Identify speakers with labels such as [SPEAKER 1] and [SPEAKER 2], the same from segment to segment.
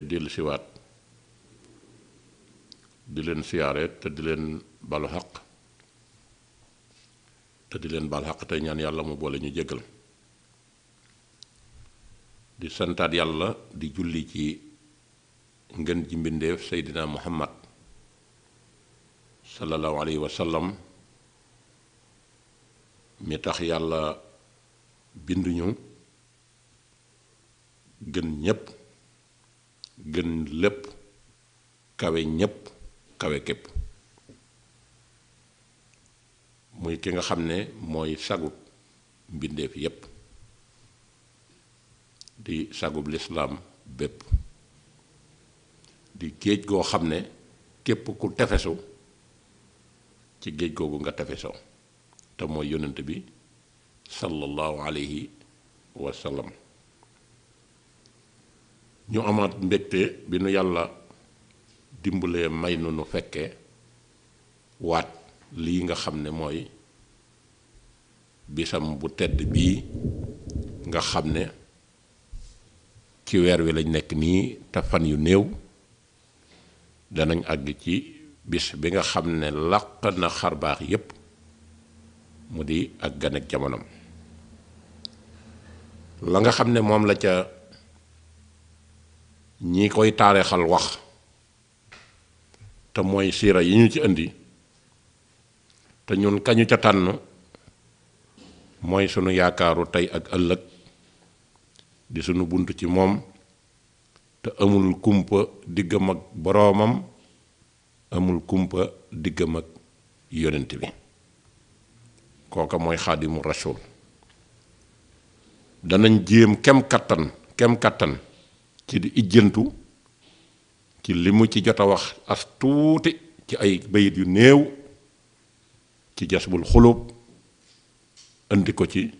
[SPEAKER 1] dellu siwaat di leen siyaare te di leen balu xaq te di leen bal xaq tey ñaan yàlla mu boole ñu jégal di santaat yàlla di julli ci ngën ji mbindeef seydina muhammad sallallahu alayhi wa sallam mi tax yàlla binduñu gën ñépp gën lépp kawe ñépp kawe képp muy ki nga xam ne mooy sagub mbindeef yépp di sagub lislaam bépp di géej goo xam ne képp ku tefesu ci géej googu nga tefesoo te mooy yonent bi sallallahu alayhi wa sallam ñu amaat mbégte bi nu yàlla dimbalee may nu nu fekkee waat lii nga xam ne mooy bisam bu tedd bii nga xam ne ci weer wi lañ nekk nii te fan yu néew danañ àgg ci bis bi nga xam ne làq na xar baax yépp mu di ak gan ak jamonom la nga xam ne moom la ca ñi koy taarixal wax te mooy siira yi ñu ci indi te ñun kañu ca tànn mooy sunu yaakaaru tey ak ëllëg di sunu bunt ci moom te amul kumpa diggam ak boroomam amul kumpa diggam ak yonent bi kooka mooy xaadimu rasul danañ jéem kem kattan kem kattan ci di ijjantu ci li mu ci jot a wax as tuuti ci ay bayit yu néew ci jasbul xulub andi ko ci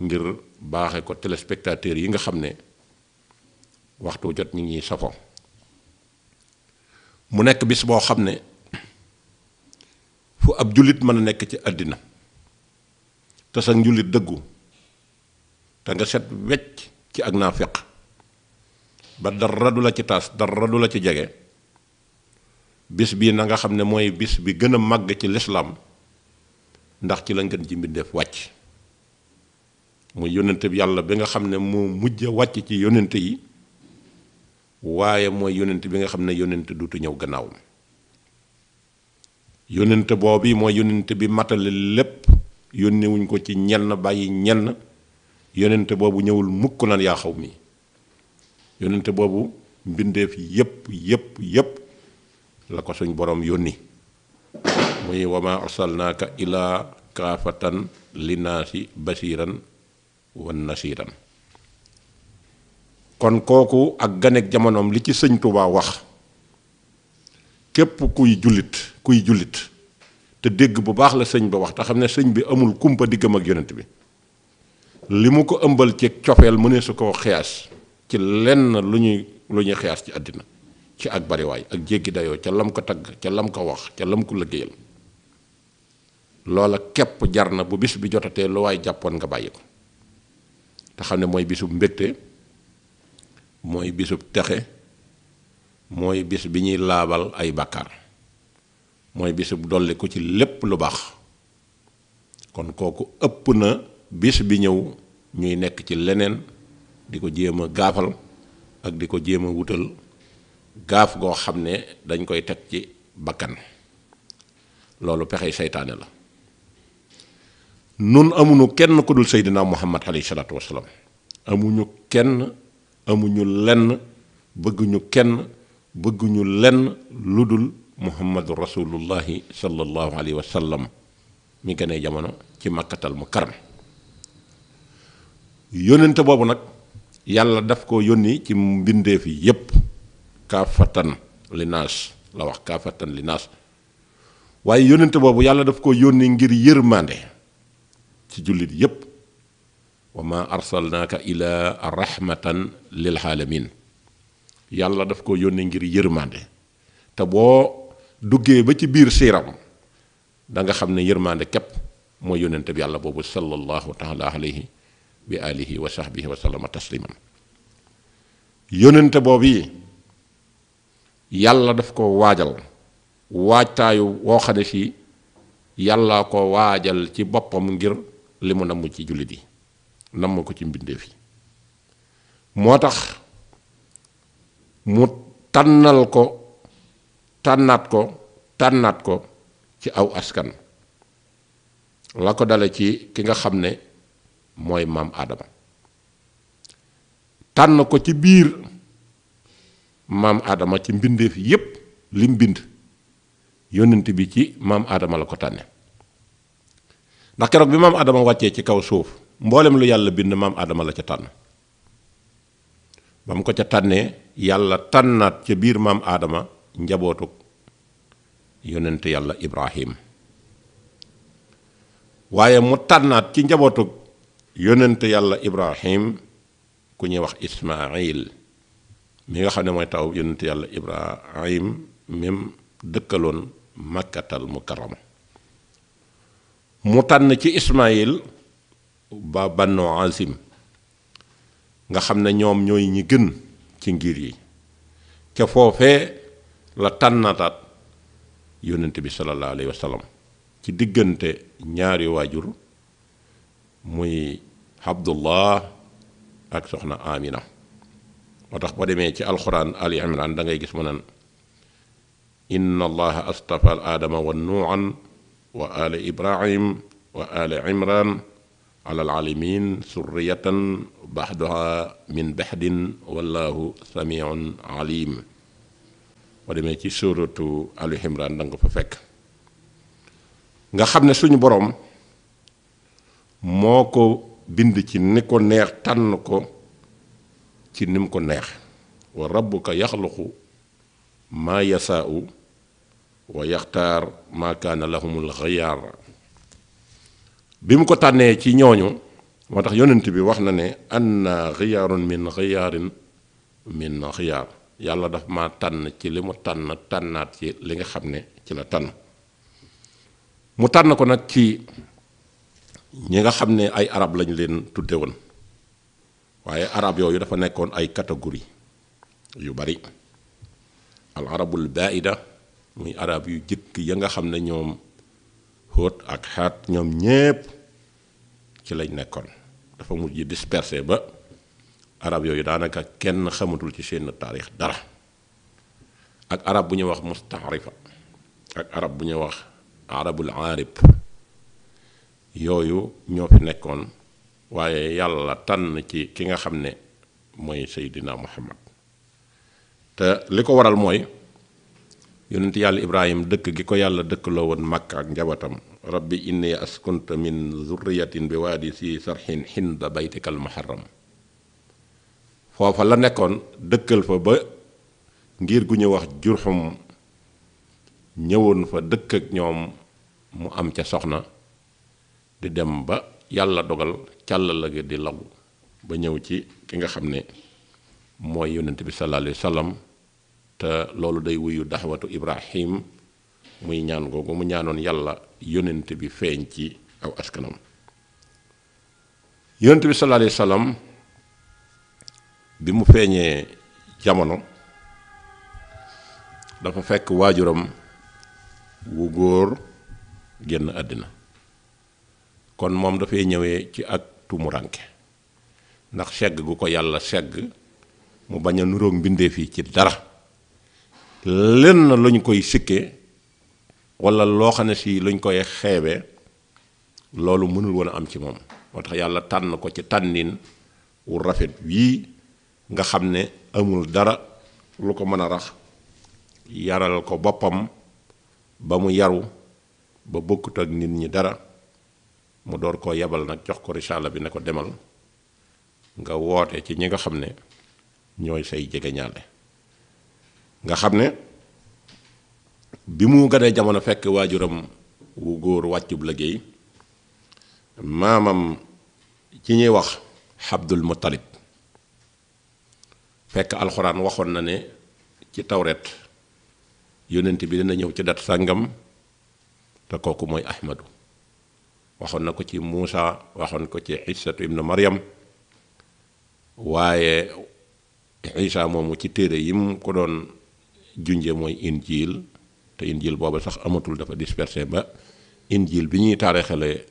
[SPEAKER 1] ngir baaxe ko téléspectateurs yi nga xam ne waxtu jot ñi ñuy safo mu nekk bis boo xam ne fu ab jullit mën a nekk ci àddina te sa njullit dëggu te nga set wecc ci ak naafeq ba dara du la ci taas dara du la ci jege bis bii na nga xam ne mooy bis bi gën a màgg ci lislaam ndax ci la ngeen ci mbindeef wàcc mu yónnente bi yàlla bi nga xam ne moo mujj wàcc ci yónnente yi waaye mooy yónnente bi nga xam ne yónnente duutu ñëw gannaawam yónnente boobu mooy yónnente bi matale lépp yónnewuñ ko ci ñenn bàyyi ñenn yónnente boobu ñëwul mukk naan yaa xaw mi yónnente boobu mbindeef yépp yépp yépp la ko suñ boroom yónni muy wama arsalnaaka ilaa kaafatan linaasi basiiran wan nasiiran kon kooku ak ganeek jamonoom li ci sëñ Tuubaa wax képp kuy jullit kuy jullit te dégg bu baax la sëñ ba wax te xam ne sëñ bi amul kumpa diggam ak yonent bi li mu ko ëmbal ci cofeel mënee su ko xiyaas ci lenn lu ñuy lu ñuy xiyaas ci àddina ci ak bariwaay ak jéggi dayoo ca lam ko tagg ca lam ko wax ca lam ko liggéeyal loola képp jar na bu bis bi jotatee lu waaye jàppoon nga bàyyi ko te xam ne mooy bisub mbégte mooy bisub texe mooy bis bi ñuy laabal ay bàkkaar mooy bisub dolli ko ci lépp lu baax kon kooku ëpp na bis bi ñëw ñuy nekk ci leneen di ko jéem a gaafal ak di ko jéem a wutal gaaf goo xam ne dañ koy teg ci bakkan loolu pexey seytaane la nun amuñu kenn ku dul seydinaa muhammad alayhi salaatu wasalaam amuñu kenn amuñu lenn bëgguñu kenn bëgguñu lenn lu dul muhammadu rasulullahi sallallahu alayhi wa sallam mi gënee jamono ci màkkatal mu karam yónnente boobu nag yàlla daf ko yónni ci mbindeef yi yépp kaafatan li naas la wax kaafatan li naas waaye yónnente boobu yàlla daf ko yónni ngir yërmande ci jullit yépp wa ma arsalnaaka ila rahmatan lil alamin yàlla daf ko yónni ngir yërmande te boo duggee ba ci biir siiram danga xam ne yërmande képp mooy yónnente bi yàlla boobu sallallahu taala alayhi bi alihi wa sahbihi wa sallama tasliman yónnente boobu yi yàlla daf ko waajal waajtaayu woo xam ne yàlla ko waajal ci boppam ngir li mu namm ci jullit yi namm ko ci mbindeef yi moo tax mu tànnal ko tànnaat ko tànnaat ko ci aw askan la ko dale ci ki nga xam ne mooy maam aadama tànn ko ci biir maam aadama ci mbindeef yépp lim bind yónnent bi ci maam aadama la ko tànne ndax keroog bi maam aadama wàccee ci kaw suuf mboolem lu yàlla bind maam aadama la ca tànn ba mu ko ca tànnee yàlla tànnaat ca biir maam aadama njabootuk yónnent yàlla ibrahim waaye mu tànnaat ci njabootuk yónnente yàlla ibrahim ku ñuy wax ismail mi nga xam ne mooy taw yónnente yàlla ibrahim mim dëkkaloon makkatal mukarrama mu tànn ci ismail ba bannoo azim nga xam ne ñoom ñooy ñi gën ci ngir yi ca foofee la tànnataat yónnente bi sallallahu alayhi wa ci diggante ñaari waajur muy Abdullah ak soxna Amina moo tax boo demee ci alxuraan Ali Imran da gis mu naan inna allaha astafa al wa nuuhan wa ala ibrahim wa ala imran ala alalamin surriyatan baxduha min baxdin wallahu samiun alim boo demee ci suuratu Ali Imran da nga fa fekk nga xam ne suñu boroom moo ko bind ci ni ko neex tànn ko ci ni mu ko neex wa rabbuka yaxluqu maa yasaau wa yaxtaar maa kaana lahumul xayaar bi mu ko tànnee ci ñooñu moo tax yonent bi wax na ne anna xiyaarun min xiyaarin min xiyaar yàlla daf ma tànn ci li mu tànn tànnaat ci li nga xam ne ci la tànn mu tànn ko nag ci ñi nga xam ne ay arab lañ leen tudde woon waaye arab yooyu dafa nekkoon ay catégorie yu bari al arabul baida muy arab yu jëkk ya nga xam ne ñoom xóot ak xat ñoom ñépp ci lañ nekkoon dafa mujj dispersé ba arab yooyu daanaka kenn xamatul ci seen taarix dara ak arab bu ñu wax mustaarifa ak arab bu ñuy wax arabul aarib yooyu ñoo fi nekkoon waaye yàlla tànn ci ki nga xam ne mooy Seydina Muhammad te li ko waral mooy yonent yàlla ibrahim dëkk gi ko yàlla dëkkaloo woon màkk ak njabootam rabbi inni askunta min zurriyatin bi di si sarxin xinda baytikal muharram foofa la nekkoon dëkkal fa ba ngir gu ñu wax jurxum ñëwoon fa dëkk ak ñoom mu am ca soxna di dem ba yàlla dogal càlla la gi di law ba ñëw ci ki nga xam ne mooy yonent bi sallallahu alayhi sallam te loolu day wuyu daxwatu ibrahim muy ñaan googu mu ñaanoon yàlla yónnent bi feeñ ci aw askanam yonent bi sallallahu alayhi bi mu feeñee jamono dafa fekk waajuram wu góor génn àddina kon moom dafay ñëwee ci ak tumuranke ndax segg gu ko yàlla segg mu bañ a nuroog mbindeef yi ci dara lenn luñ koy sikkee walla loo xam ne si luñ koy xeebee loolu mënul woon a am ci moom moo tax yàlla tànn ko ci tànnin wu rafet wii nga xam ne amul dara lu ko mën a rax yaral ko boppam ba mu yaru ba bokkut ak nit ñi dara mu door koo yebal nag jox ko risaala bi ne ko demal nga woote ci ñi nga xam ne ñooy say jegeñaale nga xam ne bi mu ganee jamono fekk waajuram wu góor wàccub liggéey maamam ci ñuy wax Abdul Muttalib fekk alxuraan waxoon na ne ci tawret yonent bi dina ñëw ci dat sàngam te kooku mooy Ahmadu waxoon na ko ci Muusa waxoon ko ci Isatu ibnu Maryam waaye Isa moomu ci téere yi mu ko doon junje mooy injil te injil boobu sax amatul dafa dispersé ba injil bi ñuy taarixale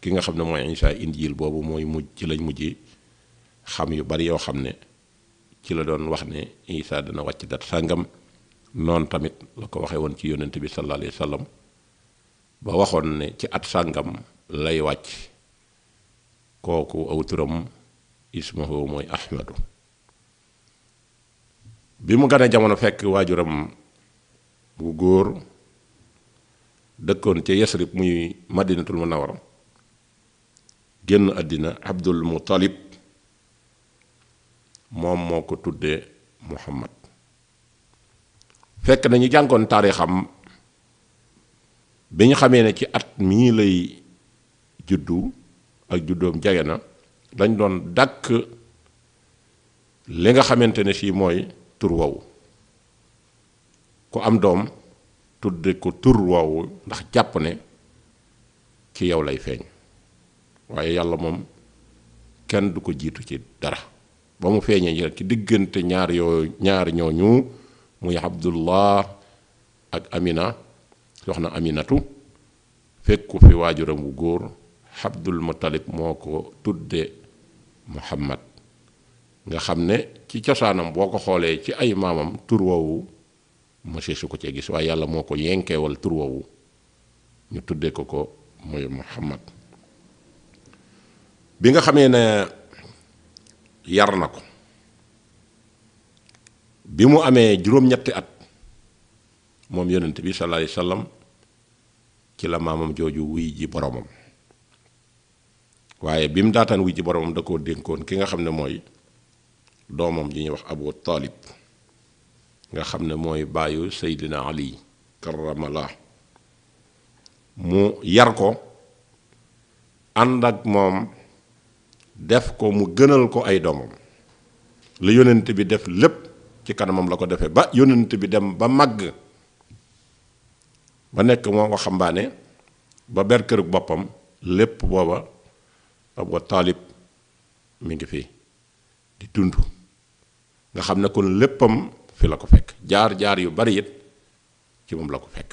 [SPEAKER 1] ki nga xam ne mooy Isa injil boobu mooy mujj ci lañ mujj xam yu bari yoo xam ne ci la doon wax ne Isa dana wàcc dat sàngam noonu tamit la ko waxee woon ci yonent bi sallallahu alayhi wa sallam ba waxoon ne ci at sàngam lay wàcc kooku aw turam ismuhu mooy ahmadu bi mu gane jamono fekk waajuram bu góor dëkkoon ca yasrib muy madinatul munawwara génn àddina abdul muttalib moom moo ko tuddee muhammad fekk nañu ñu jàngoon taarixam bi ñu xamee na ci at mii lay juddu ak juddoom jage na dañ doon dàkk li nga xamante ne sii mooy tur woowu ku am doom tudde ko tur woowu ndax jàpp ne ci yow lay feeñ waaye yàlla moom kenn du ko jiitu ci dara ba mu feeñee ji ci diggante ñaar yoo ñaar ñooñu muy Abdullah ak Amina soxna Aminatu fekku fi waajuram wu góor xabdul Muttalib moo ko tudde Muhammad nga xam ne ci cosaanam boo ko xoolee ci ay maamam tur woowu monsieur su ko cee gis waaye yàlla moo ko yenkeewal tur woowu ñu tuddee ko ko muy Muhammad bi nga xamee ne yar na ko bi mu amee juróom-ñetti at moom yonent bi sallallahu alayhi wasallam ci la maamam jooju wuy ji boromam waaye bi mu daataan wuy ci boromam da koo dénkoon ki nga xam ne mooy doomam ji ñuy wax abu taalib nga xam ne mooy bàyyu seydina ali karamala mu yar ko ànd ak moom def ko mu gënal ko ay doomam la yónnent bi def lépp ci kanamam la ko defee ba yónnent bi dem ba màgg ba nekk moo waxambaane ba ber kërug boppam lépp booba Abu Taalib mi ngi fi di dund nga xam ne ko léppam fi la ko fekk jaar jaar yu bari it ci moom la ko fekk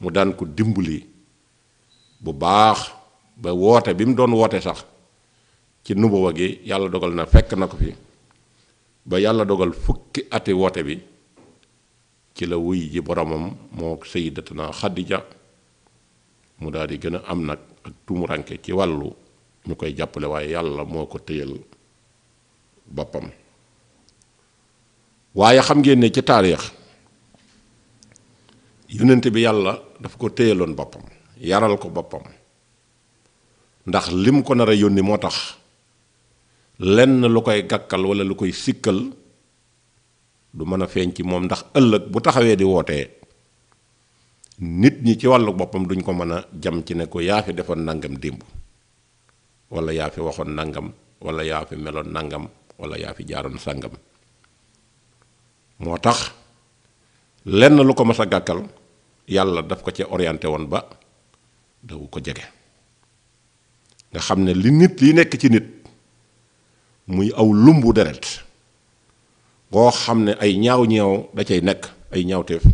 [SPEAKER 1] mu daan ko dimbuli bu baax ba woote bi mu doon woote sax ci nubuwa gi yàlla dogal na fekk na ko fi ba yàlla dogal fukki ati woote bi ci la wuy ji boromam moo sayyidatuna Xadija mu daal di gën a am nag ak tumuranke ci wàllu ñu koy jàppale waaye yàlla moo ko téyal boppam waaye xam ngeen ne ci taarix yonent bi yàlla daf ko téyaloon boppam yaral ko boppam ndax lim ko nar a yónni moo tax lenn lu koy gàkkal wala lu koy sikkal du mën a feeñ ci moom ndax ëllëg bu taxawee di wootee nit ñi ci wàllu boppam duñ ko mën a jam ci ne ko yaa fi defoon nangam démb wala yaa fi waxoon nangam wala yaa fi meloon nangam wala yaa fi jaaroon sàngam moo tax lenn lu ko mas a gàkkal yàlla daf ko ca orienté woon ba dawu ko jege nga xam ne li nit li nekk ci nit muy aw lumbu deret ngoo xam ne ay ñaaw ñeew da cay nekk ay ñaawteef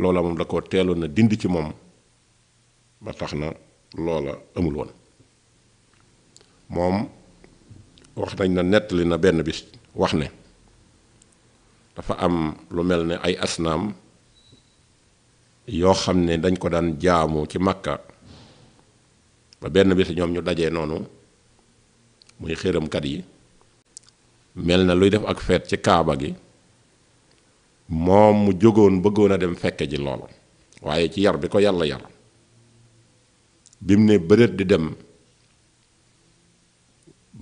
[SPEAKER 1] loola moom da ko teeloon na dindi ci moom ba tax na loola amul woon moom wax nañ na nettali na benn bis wax ne dafa am lu mel ni ay asnaam yoo xam ne dañ ko daan jaamu ci Makka ba benn bis ñoom ñu dajee noonu muy xëramkat yi mel na luy def ak feet ci Kaaba gi moom mu jógoon bëggoon a dem fekke ji lool waaye ci yar bi ko yàlla yar bi mu ne bëreet di dem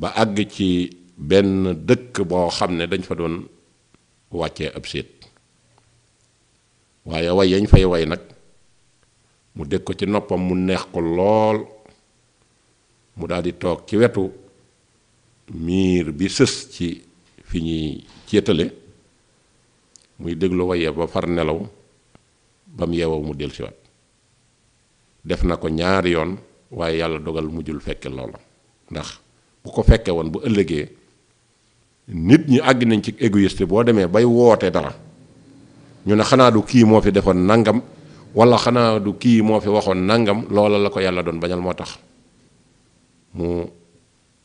[SPEAKER 1] ba àgg ci benn dëkk boo xam ne dañ fa doon wàccee ab séet waaye way yañ fay way nag mu dégg ko ci noppam mu neex ko lool mu daldi toog ci wetu miir bi sës ci fi ñuy céetale muy déglu waye ba far nelaw ba mu yeewoo mu dellusiwaat def na ko ñaari yoon waaye yàlla dogal mujjul fekke loola ndax ku ko fekke woon bu ëllëgee nit ñi àgg nañ ci égoïste boo demee bay woote dara ñu ne xanaa du kii moo fi defoon nangam wala xanaa du kii moo fi waxoon nangam loola la ko yàlla doon bañal moo tax mu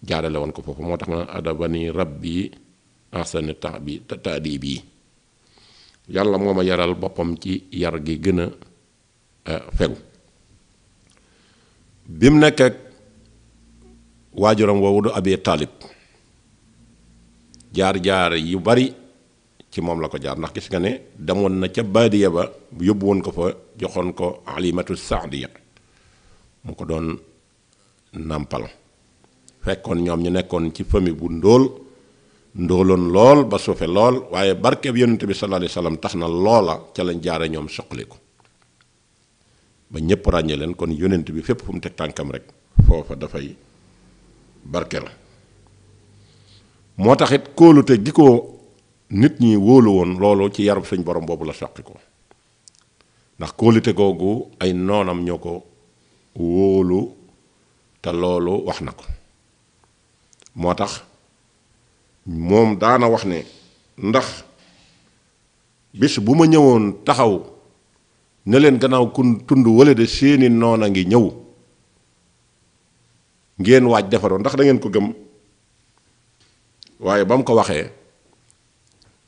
[SPEAKER 1] jaarale woon ko foofu moo tax ma adabani rabbi ahsani taabi taadibi yàlla moo ma yaral boppam ci yar gi gën a eh, fegu bi mu nekk ak waajuram woowu du Abi Taalib jaar-jaar yu bari ci moom la ko jaar ndax gis nga ne demoon na ca baadiya ba yóbbu woon ko fa joxoon ko alimatu saadiya mu ko doon nàmpal fekkoon ñoom ñu nekkoon ci famille bu ndóol ndóoloon lool ba suufe lool waaye barkeb yonent bi sallallahu alayhi wasallam tax na loola ca lañ jaare ñoom soqali ko ba ñépp ràññee leen kon yonent bi fépp fu mu teg tànkam rek foofa dafay barke la moo tax it kóolute gi ko nit ñi wóolu woon loolu ci yarub suñ borom boobu la soqi ko ndax kóolute googu ay noonam ñoo ko wóolu te loolu wax na ko moo tax moom daana wax ne ndax bis bu ma ñëwoon taxaw ne leen gannaaw kun tund wala de seeni noon a ngi ñëw ngeen waaj defaroon ndax da ngeen ko gëm waaye ba mu ko waxee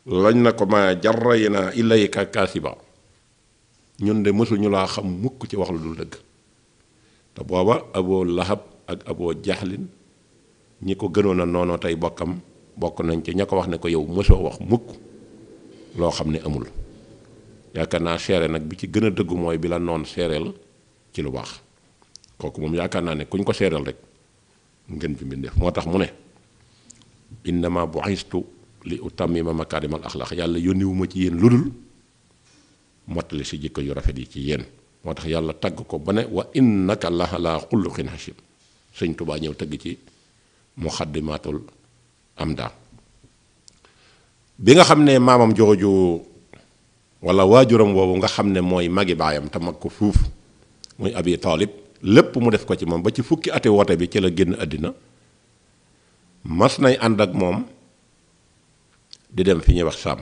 [SPEAKER 1] lañ na ko ma jarray naa yi kaasiba ñun de mësul ñu laa xam mukk ci wax lu dul dëgg te booba aboo lahab ak aboo jaxlin ñi ko gënoon a noonoo tey bokkam bokk nañ ci ña ko wax ne ko yow mësoo wax mukk loo xam ne amul yaakaar naa seere nag bi ci gën a dëggu mooy bi la noon seereel ci lu baax kooku moom yaakaar naa ne kuñ ko seereel rek ngeen fi mbindeef moo tax mu ne innama bu'istu li utammima makaarimal axlaq yàlla yónniwuma ci yéen lu dul mottali si jikko yu rafet yi ci yéen moo tax yàlla tagg ko ba ne wa innaka la ala xuluqin hashim sëñ tubaa ñëw tëgg ci muxaddimaatul amda bi nga xam ne maamam jooju wala waajuram woowu nga xam ne mooy magi baayam te mag ko fuuf muy abi taalib lépp mu def ko ci moom ba ci fukki ati woote bi ci la génn àddina mas nay ànd ak moom di dem fi ñuy wax sàmm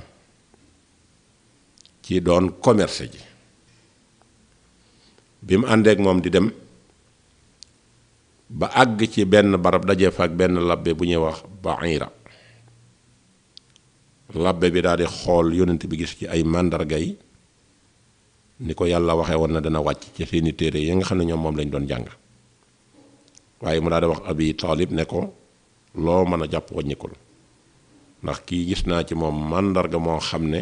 [SPEAKER 1] ci doon commerce ji bi mu àndeek moom di dem ba àgg ci benn barab dajee fa ak benn labbe bu ñuy wax baira labbe bi daal di xool yonent bi gis ci ay màndarga yi ni ko yàlla waxee woon na dana wàcc ci seeni téere yi nga xam ne ñoom moom lañ doon jàng waaye mu daal di wax abi taalib ne ko loo mën a jàpp wàññikul ndax kii gis naa ci moom màndarga moo xam ne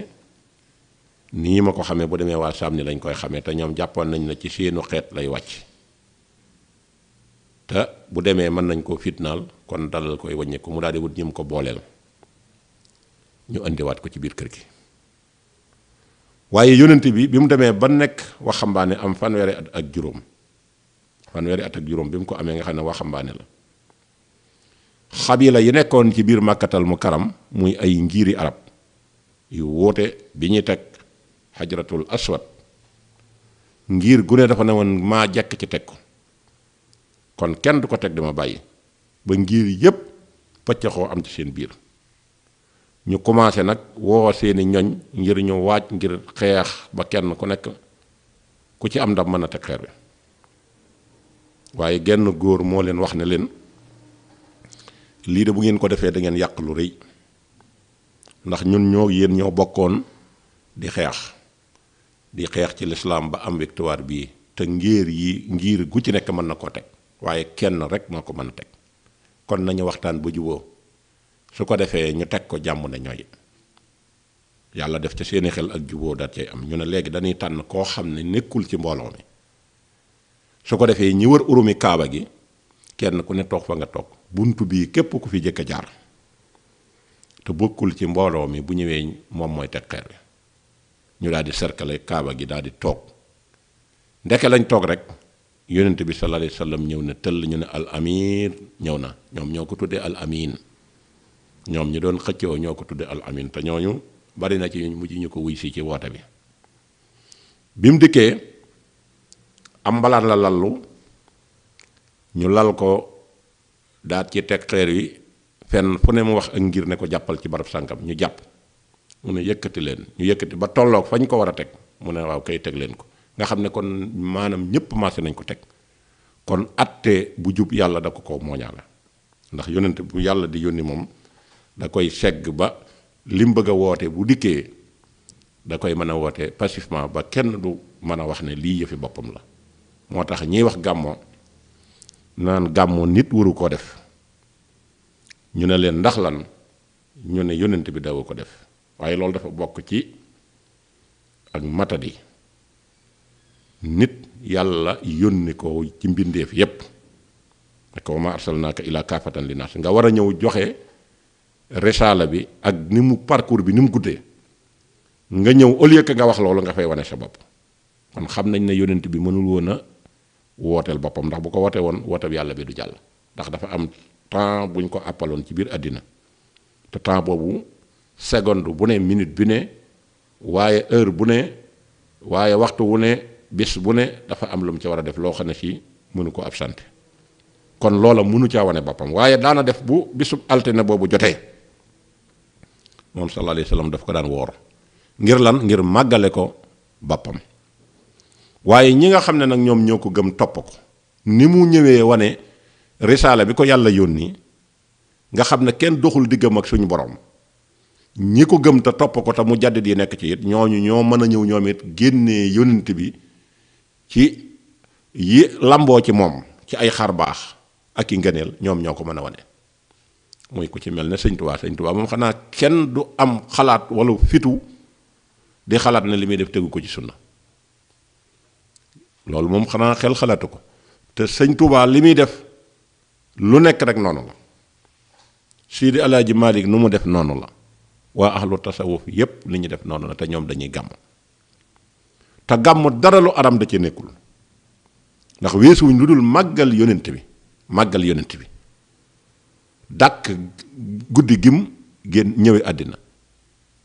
[SPEAKER 1] nii ma ko xamee bu demee waa saam ni lañ koy xamee te ñoom jàppoon nañ la ci seenu xeet lay wàcc te bu demee mën nañ ko fitnaal kon dalal koy wàññiku mu daal di wut ñim ko booleel ñu indiwaat ko ci biir kër gi waaye yonent bi bi mu demee ba nekk waxambaane am fanweeri at ak juróom fanweeri at ak juróom bi mu ko amee nga xam ne waxambaane la xabila yu nekkoon ci biir màkkatal mu karam muy ay ngiiri arab yu woote bi ñuy teg xajaratul aswad ngiir gu ne dafa ne woon maa jekk ci teg ko kon kenn du ko teg dama bàyyi ba ngir yépp pëccaxoo am ci seen biir ñu commencé nag woo seeni ñoñ ngir ñu waaj ngir xeex ba kenn ku nekk ku ci am ndam mën a teg xeer bi waaye genn góor moo leen wax ne leen lii de bu ngeen ko defee dangeen yàq lu rëy ndax ñun ñoo yéen ñoo bokkoon di xeex di xeex ci lislaam ba am victoire bii te ngéer yi ngir gu ci nekk mën na koo teg waaye kenn rek moo ko mën a teg kon nañu waxtaan ba juboo su ko defee ñu teg ko jàmm ne ñooy yàlla def ca seeni xel ak juboo da cay am ñu ne léegi dañuy tànn koo xam ne nekkul ci mbooloo mi su ko defee ñi wër urumi kaaba gi kenn ku ne toog fa nga toog bunt bii képp ku fi jëkk a jaar te bokkul ci mbooloo mi bu ñëwee moom mooy teg xeer ñu daal di serkale kaaba gi daal di toog ndeke lañ toog rek yonent bi sallallahu alayhi wa ñëw na tëll ñu ne al amir ñëw na ñoom ñoo ko tuddee al amin ñoom ñu doon xëccoo ñoo ko tudde al amin te ñooñu bari na ci mujj ñu ko wuy si ci woote bi bi mu dikkee am mbalaan la lallu ñu lal ko daat ci teg xeer yi fenn fu ne mu wax ak ngir ne ko jàppal ci barab sànkam ñu jàpp mu ne yëkkati leen ñu yëkkati ba tolloog fañ ko war a teg mu ne waaw kay teg leen ko nga xam ne kon maanaam ñëpp maase nañ ko teg kon atte bu jub yàlla da ko ko mooñaala ndax yonent bu yàlla di yónni moom da koy segg ba lim mu bëgg a woote bu dikkee da koy mën a woote passivement ba kenn du mën a wax ne lii yëfi boppam la moo tax ñiy wax gàmmoo naan gàmmoo nit waru koo def ñu ne leen ndax lan ñu ne yonent bi dawu ko def waaye loolu dafa bokk ci ak matadi nit yàlla yónni ko ci mbindeef yépp ak wa ma arsalnaaka ilaa kaafatan li naas nga war a ñëw joxe risaala bi ak ni mu parcours bi ni mu guddee nga ñëw au lieu nga wax loolu nga fay wane sa bopp kon xam nañ ne yonent bi mënul woon a wooteel boppam ndax bu ko wootee woon woote bi yàlla bi du jàll ndax dafa am temps buñ ko àppaloon ci biir àddina te temps boobu seconde bu ne minute bi ne waaye heure bu ne waaye waxtu wu ne bis bu ne dafa am lu mu ci war a def loo xam ne si mënu ko ab sant kon loola mënu caa wane boppam waaye daana def bu bisub altine boobu jotee moom sallallahu alayhi wa sallam ko daan woor ngir lan ngir màggale ko bàppam waaye ñi nga xam ne nag ñoom ñoo ko gëm topp ko ni mu ñëwee wane risaala bi ko yàlla yónni nga xam ne kenn doxul diggam ak suñu borom ñi ko gëm te topp ko te mu jàddit yi nekk ci it ñooñu ñoo mën a ñëw ñoom it génnee yónent bi ci yi lamboo ci moom ci ay xar baax ak i ngëneel ñoom ñoo ko mën a wane mooy ku ci mel ne sëñ tubaa sëñ tubaa moom xanaa kenn du am xalaat wala fitu di xalaat ne li muy def tegu ko ci sunna loolu moom xanaa xel xalaatu ko te sëñ tubaa li muy def lu nekk rek noonu la Sidi Alaaji Malik nu mu def noonu la waa ahlu tasawuf yépp li ñu def noonu la te ñoom dañuy gàmm te gàmm dara lu aram da ci nekkul ndax weesuwuñ lu dul màggal yonent bi màggal yonent bi dàkk guddi gim génn ñëwee àddina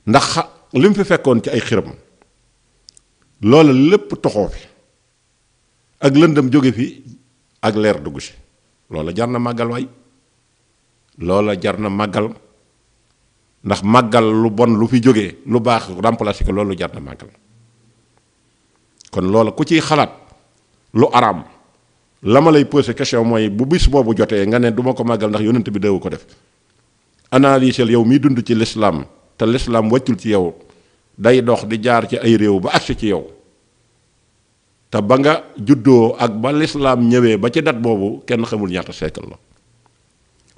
[SPEAKER 1] ndax li mu fi fekkoon ci ay xiram loola lépp toxoo fi ak lëndam jóge fi ak leer dugg si loola jar na màggal waay loola jar na màggal ndax màggal lu bon lu fi jóge lu baax remplacé ko loolu jar na màggal kon loola ku ciy xalaat lu araam la ma lay posé question mooy bu bis boobu jotee nga ne duma ko màggal ndax yonent bi deewu ko def analysel yow miy dund ci lislaam te lislaam wàccul ci yow day dox di jaar ci ay réew ba agsi ci yow te ba nga juddoo ak ba lislaam ñëwee ba ci dat boobu kenn xamul ñaata siècle la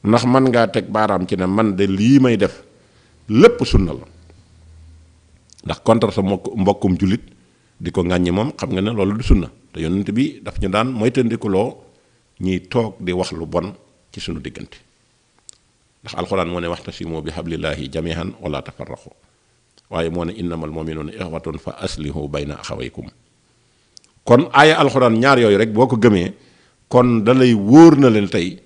[SPEAKER 1] ndax man ngaa teg baaraam ci ne man de lii may def lépp sunna la ndax contre sa mbokkum jullit di ko ŋàññi moom xam nga ne loolu du sunna te yonent bi dafa ñu daan moytandikuloo ñuy toog di wax lu bon ci suñu diggante ndax alxuraan moo ne waxtasimu bi hablillahi jamihan wala tafarraqu waaye moo ne innamal mu'minuna ixwatun fa aslihu bayna axawaykum kon aaya alxuraan ñaar yooyu rek boo ko gëmee kon da wóor na leen tey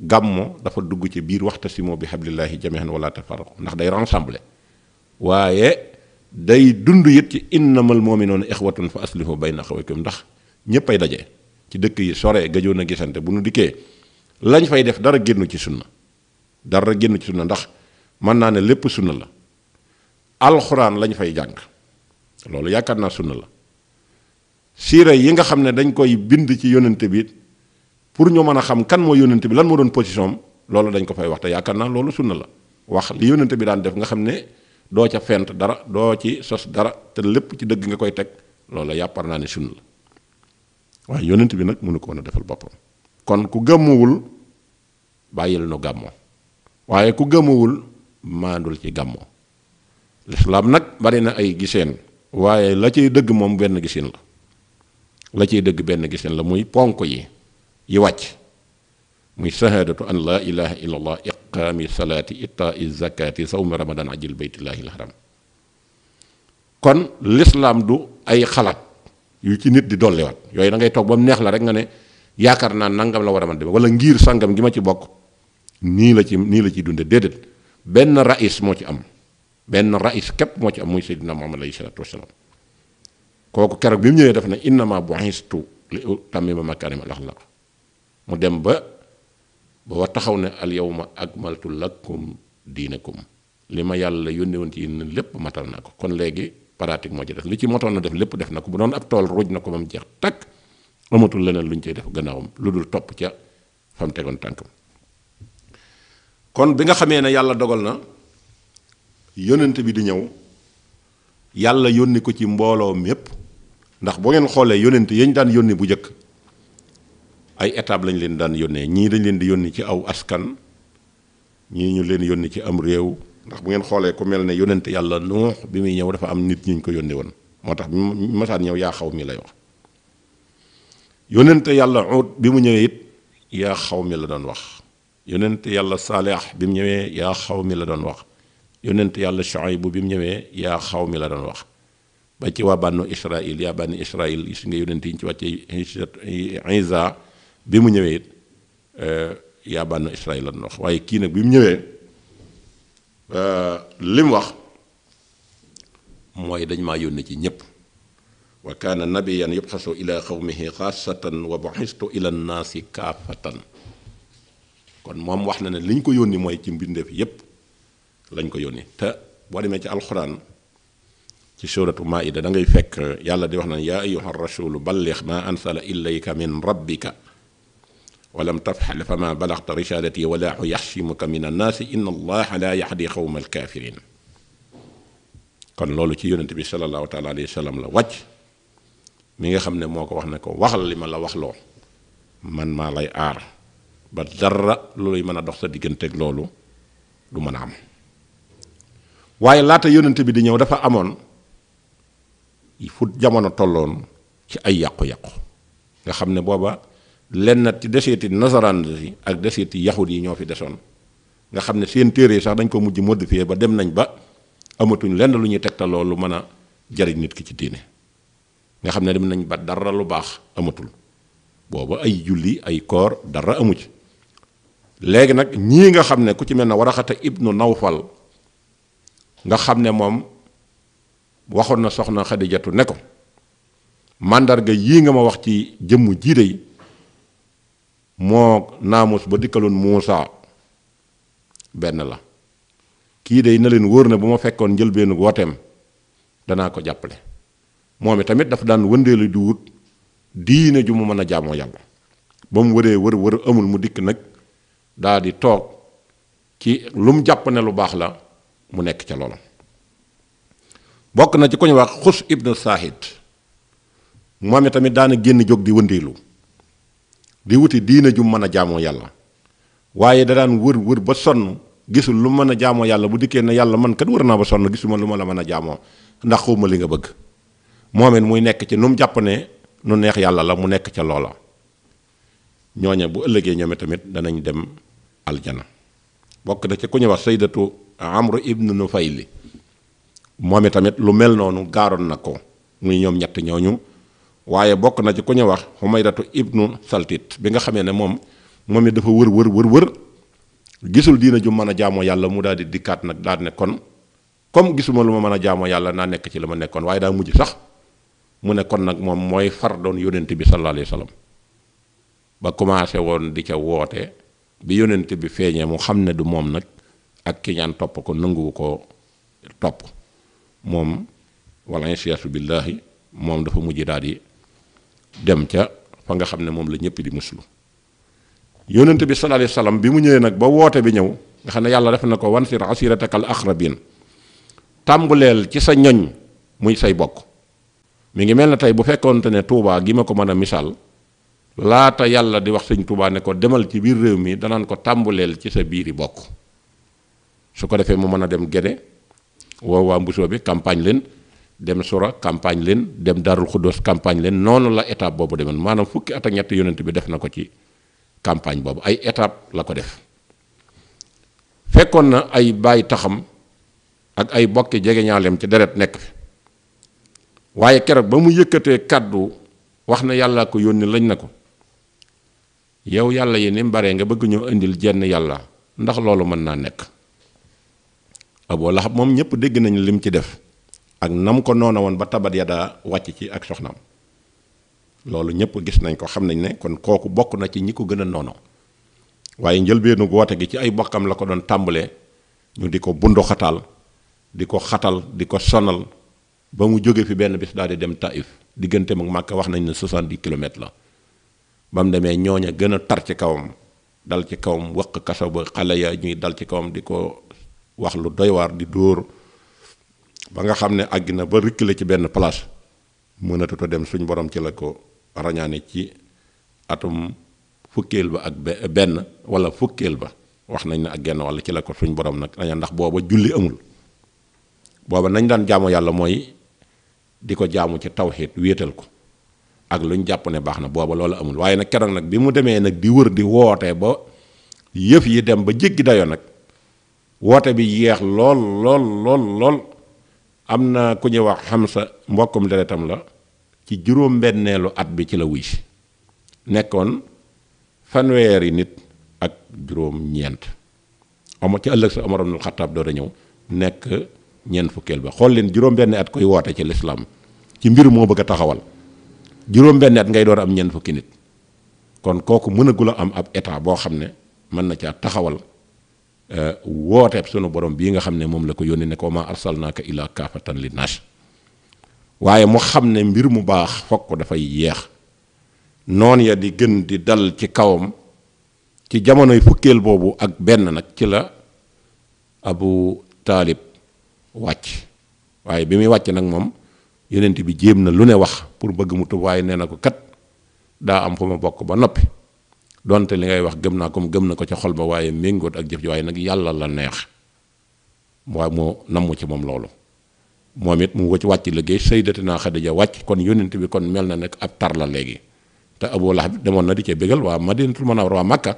[SPEAKER 1] gàmmo dafa dugg ci biir waxtasimu bi hablillahi jamihan wala tafarraqu ndax day rassembler waaye day dund it ci innamal mu'minuuna ixwatun fa aslihu bayna axawaykum ndax ñëppay daje ci dëkk yi sore gëjoon a gisante bu nu dikkee lañ fay def dara génn ci sunna dara génn ci sunna ndax mën naa ne lépp sunna la alxuraan lañ fay jàng loolu yaakaar naa sunna la siira yi nga xam ne dañ koy bind ci yónnante bi pour ñu mën a xam kan moo yónnante bi lan moo doon position loolu dañ ko fay wax te yaakaar naa loolu sunna la wax li yónnante bi daan def nga xam ne doo ca fent dara doo ci sos dara te lépp ci dëgg nga koy teg loola yàppar naa ne sunna la waaye yonent bi nag mënu ko woon a defal boppam kon ku gàmmuwul bàyyil nu gàmmoo waaye ku gàmmuwul maandul ci gàmmoo lislaam nag bari na ay giseen waaye la ciy dëgg moom benn giseen la la ciy dëgg benn giseen la muy ponk yi yi wàcc muy sahaadatu an laa ilaha illa iqaami salaati itaai zakati sawmi ramadan ajil beytillaahi lharam kon lislaam du ay xalaat yu ci nit di dolliwaat yooyu da ngay toog ba mu neex la rek nga ne yaakaar naa nangam la war a mën wala ngir sangam gi ma ci bokk nii la ci nii la ci dunde déedéet benn rais moo ci am benn rais képp moo ci am muy seydina muhammad alayhi kooku keroog bi mu ñëwee def na innama bu'istu li utammima makaarimal axlaaq mu dem ba ba taxaw ne al yawma akmaltu lakum diinakum li ma yàlla yónnee woon ci yéen lépp matal na ko kon léegi pratique moo ci def li ci matoon na def lépp def na ko bu doon ab tool ruuj na ko ba mu jeex takk amatul leneen lu ñu cay def gannaawam lu dul topp ca fam tegoon tànkam kon bi nga xamee ne yàlla dogal na yónnent bi di ñëw yàlla yónni ko ci mbooloo mépp ndax boo ngeen xoolee yónnent yañ daan yónni bu njëkk ay étapes lañ leen daan yónnee ñii dañ leen di yónni ci aw askan ñii ñu leen yónni ci am réew ndax bu ngeen xoolee ku mel ne yónnente yàlla nuux bi muy ñëw dafa am nit ñu ko yónnee woon moo tax masaan ñëw yaa xaw mi lay wax yàlla bi mu ñëwee it yaa xaw mi la doon wax yónnente yàlla saalih bi mu ñëwee yaa xaw mi la doon wax yónnente yàlla Shuayb bi mu ñëwee yaa xaw mi la doon wax ba ci waa bànnu Israil yaa bànni Israil su nga yónnente yi ñu ci wàcce Isa bi mu ñëwee it euh, yaa bànn Israël lan wax waaye kii nag bi mu ñëwee euh, li wax mooy dañ maa yónni ci ñëpp wa kaana nabiyan yubxasu ila qawmihi xaasatan wa buxistu ila nnaasi kaafatan kon moom wax na ne li ñu ko yónni mooy ci mbindeef yépp lañ ko yónni te boo demee ci alxuraan ci suuratu maida da ngay fekk yàlla di wax naan ya ayuha rasulu ballix ma ansala ilayka min rabbika walam tafxal fama balaxta risalati walaahu yaxsimuka min annaasi inna allaha laa yaxdi xawma alkaafirin kon loolu ci yonent bi salallahu taala alayhi la wàcc nga xam ne moo ko wax ne ko waxal li ma la waxloo man maa lay aar ba dara looluy mën a dox sa digganteeg loolu du mën a am waaye laata yonent bi di ñëw dafa amoon fu jamono tolloon ci ay yàqu-yàqu nga xam ne booba lennat ci deseeti nasaraan si ak deseeti yahud yi ñoo fi desoon nga xam ne seen téere sax dañ ko mujj modifié ba dem nañ ba amatuñ lenn lu ñuy tegtaloo lu mën a jariñ nit ki ci diine nga xam ne dem nañ ba dara lu baax amatul booba ay julli ay koor dara amu ci léegi nag ñii nga xam ne ku ci mel ne waraxata ibnu nawfal nga xam ne moom waxoon na soxna xadijatu ne ko màndarga yii nga ma wax ci jëmm jiide yi moo naamus ba dikkaloon Muusa benn la kii day na leen wóor na bu ma fekkoon njëlbeenu wooteem danaa ko jàppale moom i tamit dafa daan wëndeelu di wut diine ju mu mën a jaamoo yàlla ba mu wëree wër wër amul mu dikk nag daa di toog ci lu mu jàpp ne lu baax la mu nekk ca loola bokk na ci ku ñu wax xus ibnu saahid moom i tamit daana génn jóg di wëndeelu di wuti diina jum mën a jaamoo yàlla waaye da daan wër wër ba sonn gisul lu mën a jaamoo yàlla bu dikkee ne yàlla man kat wër naa ba sonn gisuma lu ma la mën a jaamoo ndax xawma li nga bëgg moom it muy nekk ci nu mu jàpp ne nu neex yàlla la mu nekk ca loola ñooña bu ëllëgee ñoom tamit danañ dem aljana bokk na ci ku ñu wax saydatu amru ibnu li moom tamit lu mel noonu gaaroon na ko muy ñoom ñett ñooñu waaye bokk na ci ku ñu wax Humaydatu ibnu Saltit bi nga xamee ne moom moom it dafa wër wër wër wër gisul diina ju mën a jaamoo yàlla mu daal di dikkaat nag daal ne kon comme gisuma lu ma mën a jaamoo yàlla naa nekk ci la ma nekkoon waaye daa mujj sax mu ne kon nag moom mooy far doon yonent bi sallallahu alayhi wa ba commencé woon di ca woote bi yonent bi feeñee mu xam ne du moom nag ak ki topp ko nanguwu ko topp moom wala insiyaasu billahi moom dafa mujj daal di dem ca fa nga xam ne moom la ñëpp di muslu yónnante bi sallallahu alayhi wasallam bi mu ñëwee nag ba woote bi ñëw nga xam ne yàlla def na ko si wansir asiratakal aqrabin tàmbuleel ci sa ñoñ muy say bokk mu ngi mel na tey bu fekkoonte ne Touba gi ma ko mën a misaal laata yàlla di wax sañ Touba ne ko demal ci biir réew mi danaan ko tàmbuleel ci sa biir biiri bokk su ko defee mu mën a dem gene woo waa mbusoo bi campagne leen dem sura campagne leen dem daarul xuddoos campagne leen noonu la étape boobu demoon maanaam fukki at ak ñett yonent bi def na ko ci campagne boobu ay étape la ko def fekkoon na ay baay taxam ak ay bokki jegeñaaleem ci deret nekk fi waaye keroog ba mu yëkkatee kàddu wax na yàllaa ko yónni lañ na ko yow yàlla yi ni mbaree nga bëgg ñoo indil jenn yàlla ndax loolu mën naa nekk Abu Lahab moom ñëpp dégg nañ lim ci def ak nam ko noona woon ba tabat yada wàcc ci ak soxnaam loolu ñëpp gis nañ ko xam nañ ne kon kooku bokk na ci ñi ko gën a noonoo waaye njëlbeenu woote gi ci ay bokkam la ko doon tàmbalee ñu di ko bundu xataal di ko xatal di ko sonal ba mu jóge fi benn bis daal di dem Taïf diggante ak Màkka wax nañ ne di kilomètres la ba mu demee ñooña gën a tar ci kawam dal ci kawam wëq kaso ba xale ya ñuy dal ci kawam di ko wax lu doy waar di dóor ba nga xam ne àgg na ba reculer ci benn place mënatut a dem suñ borom ci la ko rañaane ci atum fukkeel ba ak benn wala fukkeel ba wax nañ ne ak genn wala ci la ko suñ borom nag rañaan ndax booba julli amul booba nañ daan jaamu yàlla mooy di ko jaamu ci tawxiit wéetal ko ak lu ñu jàpp ne baax na booba loolu amul waaye nag keroog nag bi mu demee nag di wër di woote ba yëf yi dem ba jéggi dayoo nag woote bi yeex lool lool lool lool am na ku ñuy wax sa mbokkum deretam la ci juróom-benneelu at bi ci la wuy si nekkoon yi nit ak juróom-ñeent Omar ci ëllëg sa Omar ibnul Xattaab door a ñëw nekk ñeent fukkeel ba xool leen juróom-benn at koy woote ci lislaam ci mbir moo bëgg a taxawal juróom-benn at ngay door a am ñeent fukki nit kon kooku mënagul a am ab état boo xam ne mën na caa taxawal. Euh, wooteeb sunu borom bii nga xam ne moom la ko yónni ne ko ma arsalnaaka ila kaafatan li naas waaye mu xam ne mbir mu baax foog ko dafay yeex noon ya di gën di dal ci kawam ci jamonoy fukkeel boobu ak benn nag ci la abu taalib wàcc waaye bi muy wàcc nag moom yenent bi jéem na lu ne wax pour bëgg mu tub waaye nee na ko kat daa am fu ma bokk ba noppi donte li ngay wax gëm naa comme gëm na ko ca xol ba waaye méngoot ak jëf ji waaye nag yàlla la neex waaye moo namm ci moom loolu moom it mu wëcc wàcc liggéey sayyidatina Xadija wàcc kon yónnent bi kon mel na nag ab tar la léegi te Abu Lahab demoon na di ca bégal waa Madinatul Munawwara waa Makka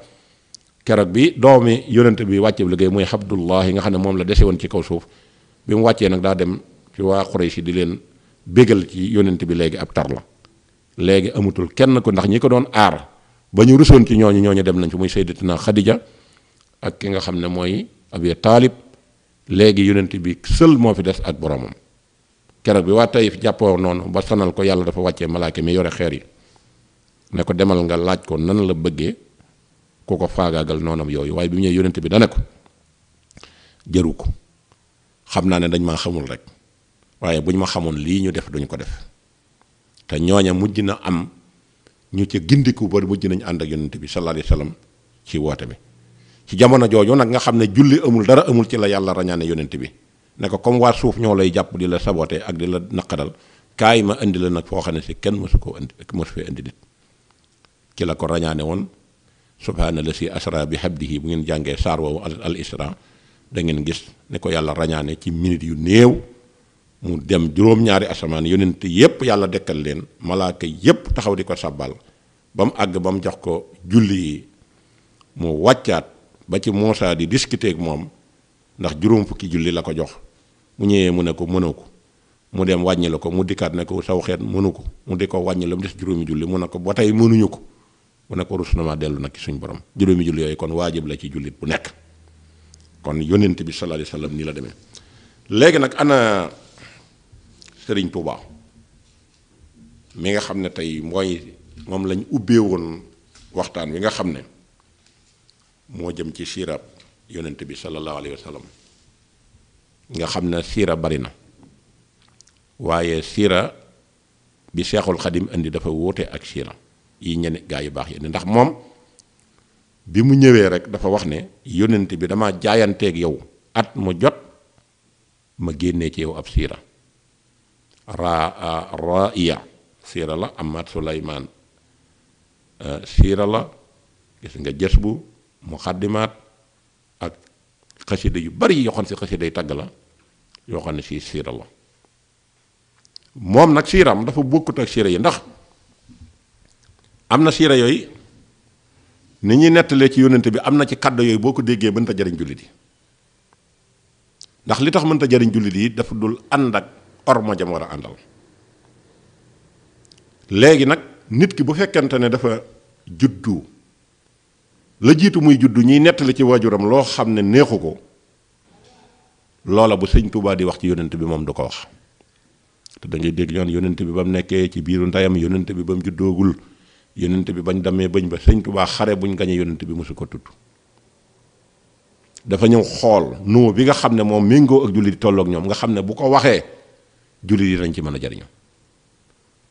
[SPEAKER 1] keroog bi doomi yónnent bi wàcc liggéey muy Abdullah yi nga xam ne moom la dese woon ci kaw suuf bi mu wàccee nag daa dem ci waa Quraysh di leen bégal ci yónnent bi léegi ab tar la léegi amatul kenn ko ndax ñi ko doon aar. ba ñu rusoon ci ñooñu ñooñu dem nañ ci muy sayyidatina Khadija ak ki nga xam ne mooy Abi Taalib léegi yonent bi sël moo fi des ak boroomam keroog bi waa Taïf jàppoo noonu ba sanal ko yàlla dafa wàccee malaaka mi yore xeer yi ne ko demal nga laaj ko nan la bëggee ko ko faagaagal noonam yooyu waaye bi mu ñëwee yonent dana ko jëru ko xam naa ne dañ maa xamul rek waaye bu ñu ma xamoon lii ñu def duñ ko def te ñooña mujj na am ñu ci gindiku ba mujj nañ ànd ak yonent bi sallallahu alayhi wa sallam ci woote bi ci jamono joojoo nag nga xam ne julli amul dara amul ci la yàlla rañaane yonent bi ne ko comme waa suuf ñoo lay jàpp di la saboote ak di la naqadal kaay ma indi la nag foo xam ne si kenn mësu koo indi mësu fee indi nit ci la ko rañaane woon subhaana la si asra bi habdihi bu ngeen jàngee saar woowu al isra da ngeen gis ne ko yàlla rañaane ci minute yu néew mu dem juróom-ñaari asamaan yonent yépp yàlla dekkal leen malaaka yépp taxaw di ko sabal ba mu àgg ba mu jox ko julli yi mu wàccaat ba ci Muusaa di discuter ak moom ndax juróom fukki julli la ko jox mu ñëwee mu ne ko mënu ko mu dem wàññi la ko mu dikkaat ne ko saw xeet mënu ko mu di ko wàññi la mu des juróomi julli mu ne ko ba tey mënuñu ko mu ne ko rus na maa dellu nag ci suñ borom juróomi julli yooyu kon waajib la ci jullit bu nekk kon yonent bi sallallahu alayhi la demee sëriñ Touba mi nga xam ne tey mooy moom lañ ubbee woon waxtaan wi nga xam ne moo jëm ci siirab yonent bi sallallahu alayhi wa nga xam ne siira bari na waaye siira bi seexul xadim indi dafa wóote ak siira yi ñene gaa yu baax yi ndax moom bi mu ñëwee rek dafa wax ne yonent bi damaa jaayanteeg yow at mu jot ma génnee ci yow ab siira raa raiya siira la Ahmad Suleymaan eh, siira la gis nga jës bu ak xasida yu bari yoo xam si xasiday tagg la yoo xam ne siira la nag siiram dafa bokkut ak yi ndax am na siira yooyu ni ñuy nettalee ci yónnante bi am na ci kàddu yooyu boo ko déggee mënta jariñ jullit yi ndax li tax mënta jariñ jullit yi dafa dul ànd ak orma jam war a àndal léegi nag nit ki bu fekkente ne dafa juddu la jiitu muy juddu ñuy nettali ci waajuram loo xam ne neexu ko loola bu sëñ Tuubaa di wax ci yonent bi moom du ko wax te da ngay dégg ñoon yonent bi ba mu nekkee ci biiru ndeyam yonent bi ba mu juddoogul yonent bi bañ demee bañ ba sëñ Tuubaa xare buñ gañee yonent bi mosu ko tudd dafa ñëw xool nuu bi nga xam ne moom méngoo ak jullit tolloog ñoom nga xam ne bu ko waxee jullit yi dañ ci mën a jariñu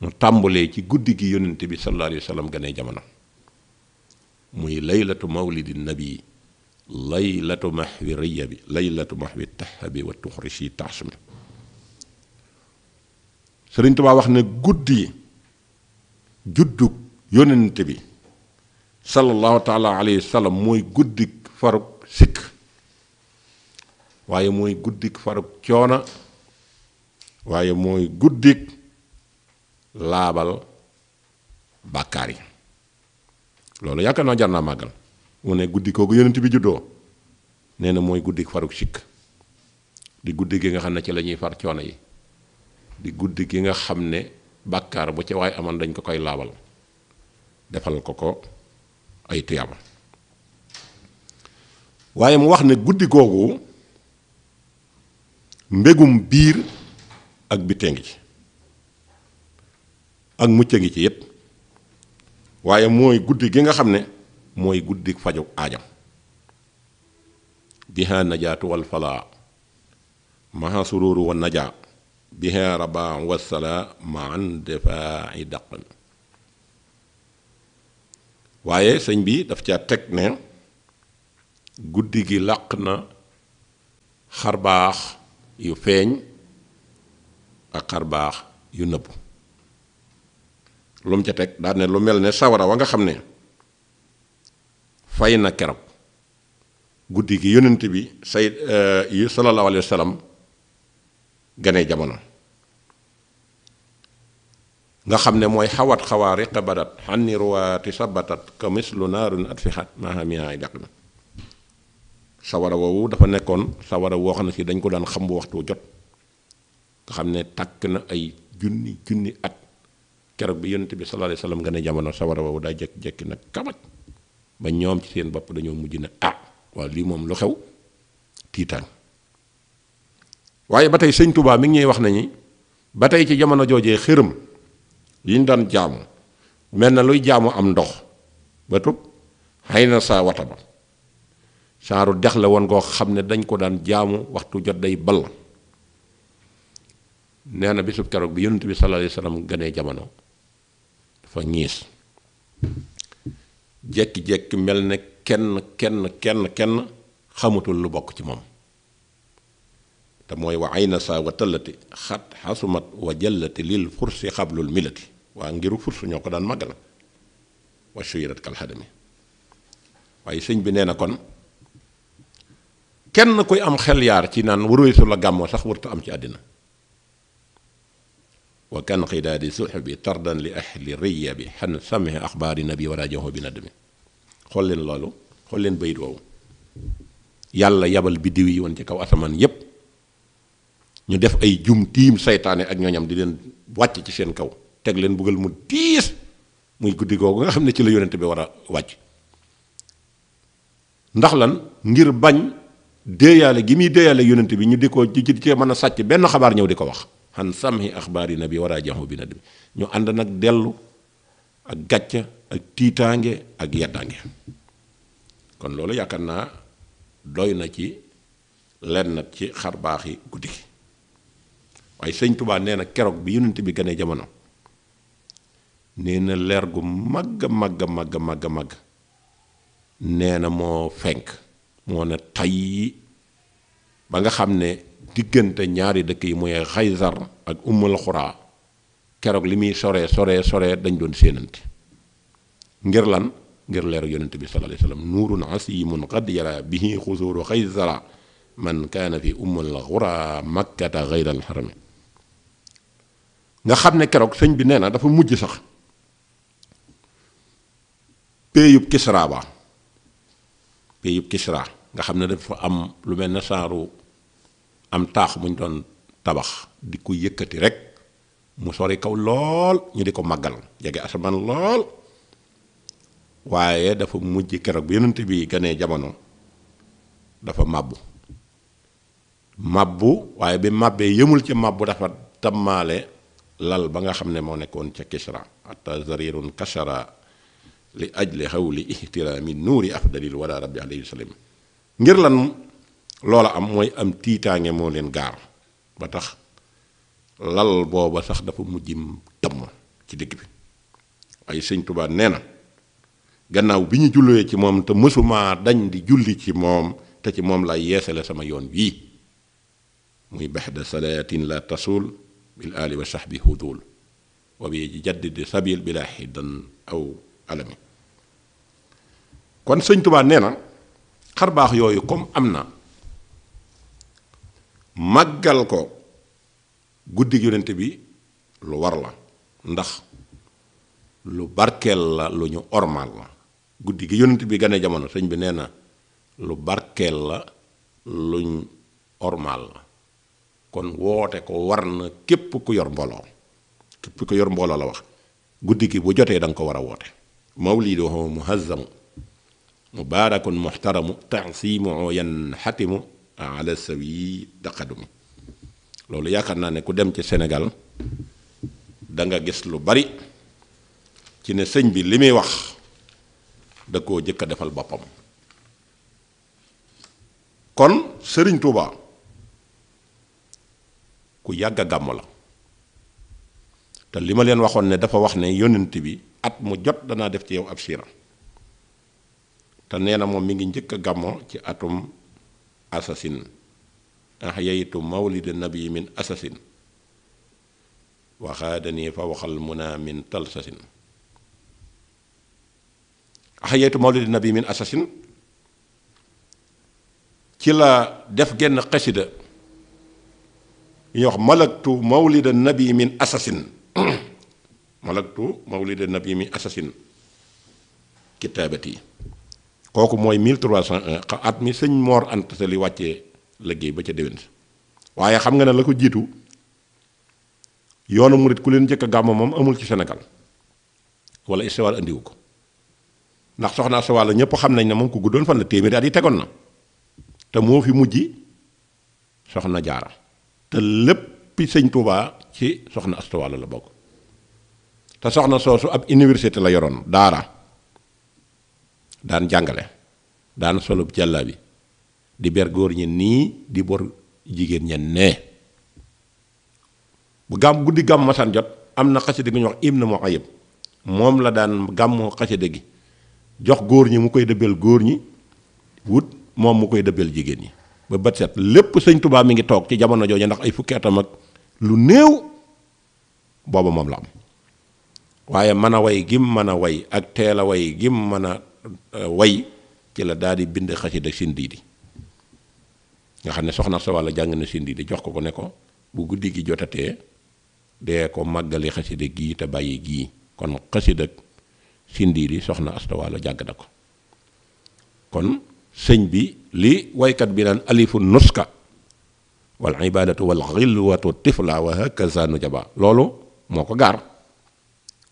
[SPEAKER 1] mu tàmbalee ci guddi gi yonent bi sallallahu alayhi wa sallam gane jamono muy laylatu mawlidi nabi laylatu mahwi riya bi laylatu mahwi taxa bi wa wax ne guddi juddug yonent bi sallallahu taala alayhi mooy guddik farug sikk waaye mooy guddik farug coona waaye mooy guddik laabal bàkkaar yi loolu yaakaar naa jar naa màggal mu ne guddi kooku yonent bi juddoo nee na mooy guddik faruk sikk di guddi gi nga xam ne ci la ñuy far coono yi di guddi gi nga xam ne bàkkaar bu ca waay amoon dañ ko koy laabal defal ko ko ay tuyaaba waaye mu wax ne guddi googu mbégum biir ak bittee ngi ci ak mucca ngi ci yépp waaye mooy guddi gi nga xam ne mooy guddi faju aajam biha najaatu wal falaa maha sururu wa najaa biha rabaa wa salaa ma an defaa i daqan waaye sëñ bi daf ca teg ne guddi gi làq na xarbaax yu feeñ ak xar baax yu nëbb lu mu ca teg daal lu mel ne sawara wa nga xam ne fay na keroog guddi gi yonent bi say euh, sallallahu alayhi wa sallam gane jamono nga xam ne mooy xawat xawaariq badat xanni ruwaati sabatat ka mislu naarun atfixat mahamia daq sawara woowu dafa nekkoon sawara woo xam ne si dañ ko daan xam bu waxtu jot nga xam ne takk na ay junni junni at keroog bi yonent bi sallallahu alayhi wasallam nga ne jamono sawara woowu daa jekki-jekki nag kamat ba ñoom ci seen bopp dañoo mujj na ah waaw lii moom lu xew waaye ba tey sëñ Touba mi ngi ñuy wax nañu ba tey ci jamono joojee xërëm yi ñu daan jaamu mel na luy jaamu am ndox ba tub xëy na saa wata ba saaru dex la woon koo xam ne dañ ko daan jaamu waxtu jot day ball nee na bisub keroog bi yonent bi sallallahu alayhi wasallam gënee jamono dafa ñiis jékki-jékki mel ne kenn kenn kenn kenn xamatul lu bokk ci moom te mooy wa ayna saa wa tallati xat xasumat wa jallati lil fursi xablul milati waa ngiru fursu ñoo ko daan màggal wa suyirat sëñ bi nee na kon kenn kuy am xel yaar ci naan waroy su la gàmmoo sax warta am ci àddina wa kan xidaadi suxbi tardan li ahli riya bi xan same axbaari nabi wala joxo bi nadd mi xool leen loolu xool leen bayit woowu yàlla yabal biddiw yi woon ci kaw asamaan yépp ñu def ay jum tiim saytaane ak ñooñam di leen wàcc ci seen kaw teg leen buggal mu diis muy guddi googu nga xam ne ci la yonent bi war a wàcc ndax lan ngir bañ déeyaale gi muy déeyaale yonent bi ñu di ko ji ci mën a sàcc benn xabaar ñëw di ko wax xan samhi axbaari na bi war aa jaxu bi ñu ànd nag dellu ak gàcca ak tiitaange ak yeddaange kon loolu yaakaar naa doy na ci lenn ci xar baax yi guddi gi waaye sëñ Tuubaa nee na keroog bi yonent bi gane jamono nee na leer gu màgg màgg màgg màgg moo fenk moo na tayyi ba nga xam ne diggante ñaari dëkk yi mooy xaysar ak ummul xuraa keroog li muy soree soree soree dañ doon séenante ngir lan ngir leeru yonent bi sallallahu alayhi wa sallam nuurun asimun qad yara bihi xusuuru xaysara man kaana fi ummul xuraa makkata xayral xarami nga xam ne keroog sëñ bi nee na dafa mujj sax péeyub kisra ba péeyub kisra nga xam ne dafa am lu mel ne saaru am taax bu ñu doon tabax di ko yëkkati rek mu sori kaw lool ñu di ko màggal jege asamaan lool waaye dafa mujj keroog bi yonent bi ganee jamono dafa màbbu màbbu waaye bi màbbee yëmul ci màbbu dafa tammaale lal ba nga xam ne moo nekkoon ca Kisra hatta zarirun kashara li ajli xawli ihtiraami nuuri afdalil wala rabbi alayhi salam ngir lan loola am mooy am tiitaange moo leen gaar ba tax lal booba sax dafa mujj tëmm ci digg bi ay sëñ nee na gannaaw bi ñu jullee ci moom te mësuma dañ di julli ci moom te ci moom lay yeesale sama yoon wii muy baxda salaatin la tasul bil ali wa sahbi hudul wa bi jaddidi sabil bila xiddan aw alami kon sëñ nee na xarbaax yooyu comme am na màggal ko guddi yonent bi lu war la ndax lu barkeel la lu ñu ormaal la guddi gi yonent bi gane jamono sëñ bi nee na lu barkeel la luñ ormaal la kon woote ko war na képp ku yor mbooloo képp ku yor mbooloo la wax guddi gi bu jotee danga ko war a woote mawliduhu muhazzamu mubaarakun muhtaramu ta'simuhu xatimu ala sawi taqadumi loolu yaakaar naa ne ku dem ci senegal danga gis lu bari ci ne sëñ bi li muy wax da koo jëkk a defal boppam kon sëriñ Touba ku yàgg a gàmm la te li ma leen waxoon ne dafa wax ne yonent bi at mu jot danaa def ci yow ab siira te nee na moom mi ngi njëkk a gàmmoo ci atum asasin axyaytu mawlida nabi min asasin waxaadani fawqal muna min talsasin axyaytu mawlida nabi min asasin ci la def genn xasida ñuy wax malaktu mawlida nabi min asasin malaktu mawlida nabi min asasin kitaabati kooku mooy 1301 at mi sëñ Mor Anta Sali wàccee liggéey ba ca déwén waaye xam nga ne la ko jiitu yoonu murit ku leen jëkk a moom amul ci senegal wala istiwaal andiwu ko ndax soxna Asta Walo ñëpp xam nañ ne moom ku guddoon fan la téeméeri at yi tegoon na te moo fi mujj soxna jaara te léppi sëñ Touba ci soxna Asta Walo la bokk te soxna soosu ab université la yoroon daara. daan jàngale daan solub jàlla bi di ber góor ñi nii di bor jigéen ñen nee bu gàmm guddi gàmm masaan jot am na xasida gi ñu wax ibn Muayyib moom la daan gàmmoo xasida gi jox góor ñi mu koy dëbbeel góor ñi wut moom mu koy dëbbeel jigéen ñi ba bët set lépp sëñ Tuubaa mi ngi toog ci jamono jooju ndax ay fukki atam ak lu néew booba moom la am waaye mën a way gim mën a way ak teel a way gim mën a Euh, way ci la daal di bind xasida Sine nga xam ne soxna sa wàlla jàng na Sine jox ko ko ne ko bu guddi gi jotatee dee ko màggali xasida gii te bàyyi gii kon xasida Sine Didi soxna Asta Walo na ko kon sëñ bi li waykat bi naan alifu nuska wal ibadatu wal xilwatu tifla wa hakaza nu jaba loolu moo ko gaar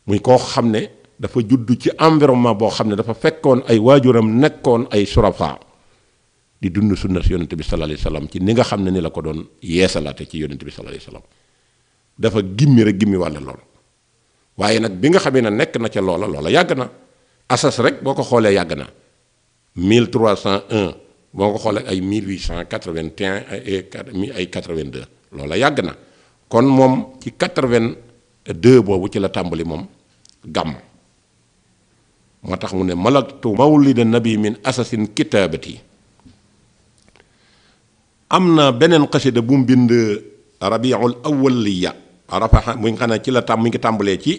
[SPEAKER 1] muy koo xam ne dafa juddu ci environnement boo xam ne dafa fekkoon ay waajuram nekkoon ay surafa di dund sunna si yonente bi sallallahu alayhi ci ni nga xam ne ni la ko doon yeesalaate ci yonente bi sallallahu alayhi wasallam dafa gimmi rek gimmi wàll lool waaye nag bi nga xamee ne nekk na ca loola loola yàgg na asas rek boo ko xoolee yàgg na 1301 boo ko xoolee ay 1881 ay 82 loola yàgg na kon moom ci 82 boobu ci la tàmbali moom gàmm moo tax mu ne malaktu mawlida nabi min asasin kitaabati am na beneen xasida bu mu bind rabiul awaliya rafaxa mu ngi ci la tàm mu ngi tàmbalee ci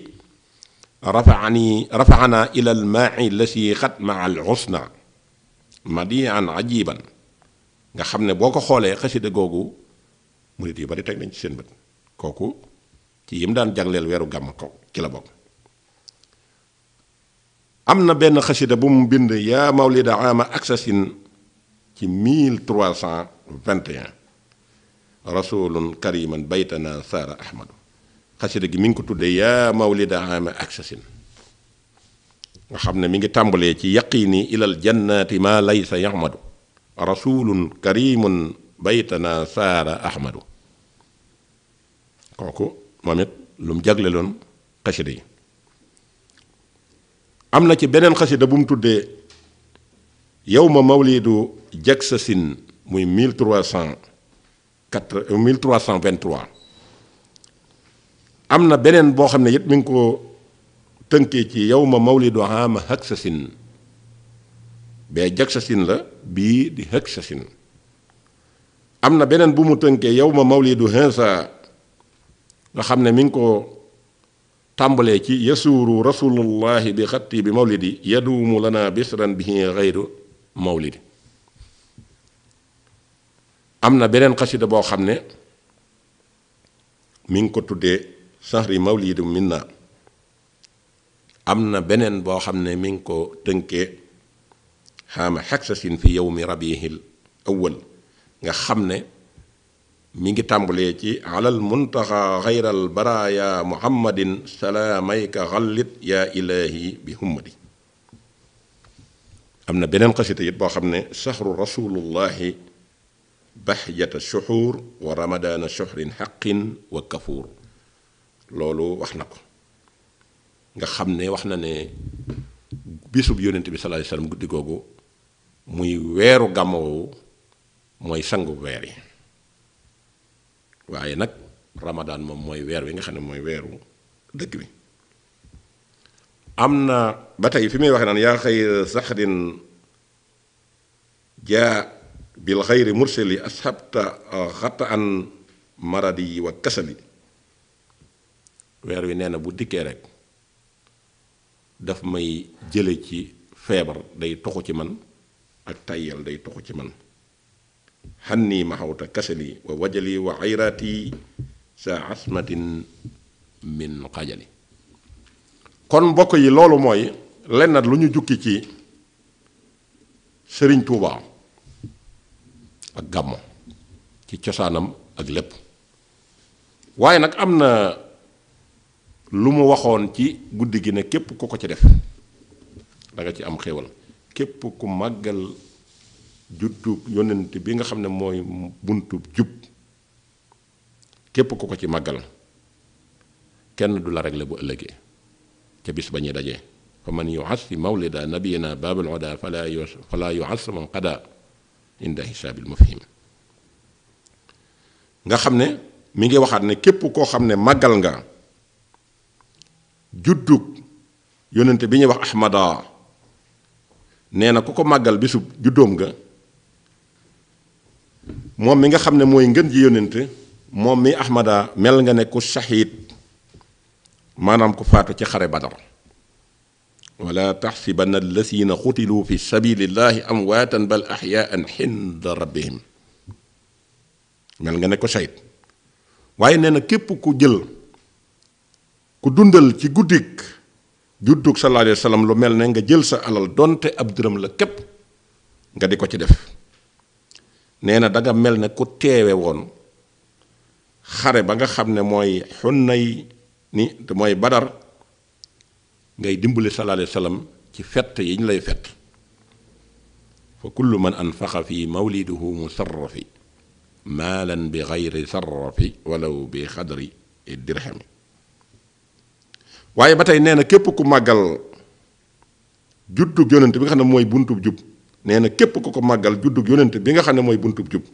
[SPEAKER 1] rafaani rafaxanaa ila al maai lasi xat maa al ajiban nga xam ne boo ko xoolee xasida googu murit yu bari teg nañ ci seen bët kooku ci yim daan jagleel weeru gàmm ko ci la bokk am na benn xasida bu mu bind yaa mawlida ama aksasin ci 1321 rasulun kariman baytana saara ahmadu xasida gi mi ngi ko tuddee yaa mawlida ama aksasin nga xam ne mi ngi tàmbalee ci yaqini ilal jannati ma laysa yahmadu rasulun karimun baytana saara ahmadu kooku moom it lu mu jagleloon xasida yi am na ci beneen xasida bu mu tuddee yow ma mawlidu Jaksasin muy mille cent 1304 1323 euh, am na beneen boo xam ne it mi ngi ko tënkee ci yow ma mawlidu Haama Haksasin bee Jaksasin la bii di Haksasin am na beneen bu mu tënkee yow ma mawlidu Hinsa nga xam ne mi ngi ko tàmbalee ci yasuuru rasulullahi bi xatti bi mawlidi yaduumu lana bisran bihi xayru mawlidi am na beneen xasida boo xam ne mi ngi ko tuddee saxri sahri mawlidu minna am na beneen boo xam ne mi ngi ko tënkee xaama xaksasin fi yow mi rabihil awwal nga xam ne mi ngi tàmbalee ci alal muntaxa xayral baraaya muhammadin salaamayka xallit yaa ilaahi bi hummadi am na beneen xasita it boo xam ne saxru rasulullahi baxjata shuxuur wa ramadaana shuxrin xaqin wa kafuur loolu wax na ko nga xam ne wax na ne bisu yónnent bi sallallahu alayhi guddi googu muy weeru gàmmawu mooy sangu weer yi waaye nag ramadaan moom mooy weer wi nga xam ne mooy weeru dëgg bi am na ba tey fi muy waxee naan yaa xayr saxrin jaa bil xayri mursali ashabta xata an maradi wa kasali weer wi nee na bu dikkee rek daf may jële ci feebar day toxu ci man ak tayyal day toxu ci man xannii maxawta kasali wa wajali wa xayraati sa asmatin min xajali kon mbokk yi loolu mooy lenn lu ñu jukki ci sëriñ Tuubaa ak gàmmo ci cosaanam ak lépp waaye nag am na lu mu waxoon ci guddi gi ne képp ku ko ci def danga ci am xéewal képp ku màggal juddug yonent bi nga xam ne mooy buntu jub képp ku ko ci màggal kenn du la réglé bu ëllëgee ca bis ba ñuy dajee fa man yuassi mawlida nabiyina baabul oda fala yu fala yuas man qada inda hisaabil mufhim nga xam ne mi ngi waxaat ne képp koo xam ne màggal nga juddug yonent bi ñuy wax ahmada nee na ku ko màggal bisub juddoom nga moom mi nga xam ne mooy ngën ji yónnent moom mi ahmada mel nga ne ku shahid maanaam ko faatu ci xare badar wala taxsibanna allasina xutilu fi sabilillahi amwaatan bal axyaan xinda rabbihim mel nga ne ko shahid waaye nee na képp ku jël ku dundal ci guddik juddug sallallahu la wa sallam lu mel ne nga jël sa alal donte ab dërëm la képp nga di ko ci def nee na da mel na ku teewe woon xare ba nga xam ne mooy xunnay ni te mooy badar ngay dimbali sallallahu alayhi ci fett yi ñu lay fett fa kullu man anfaqa fi mawliduhu musarrafi maalan bi gayri sarrafi walaw bi xadri dirhami waaye ba tey nee na képp ku màggal juddub yonent bi nga xam ne mooy buntu jub nee na képp ku ko màggal juddu yonent bi nga xam ne mooy buntu jub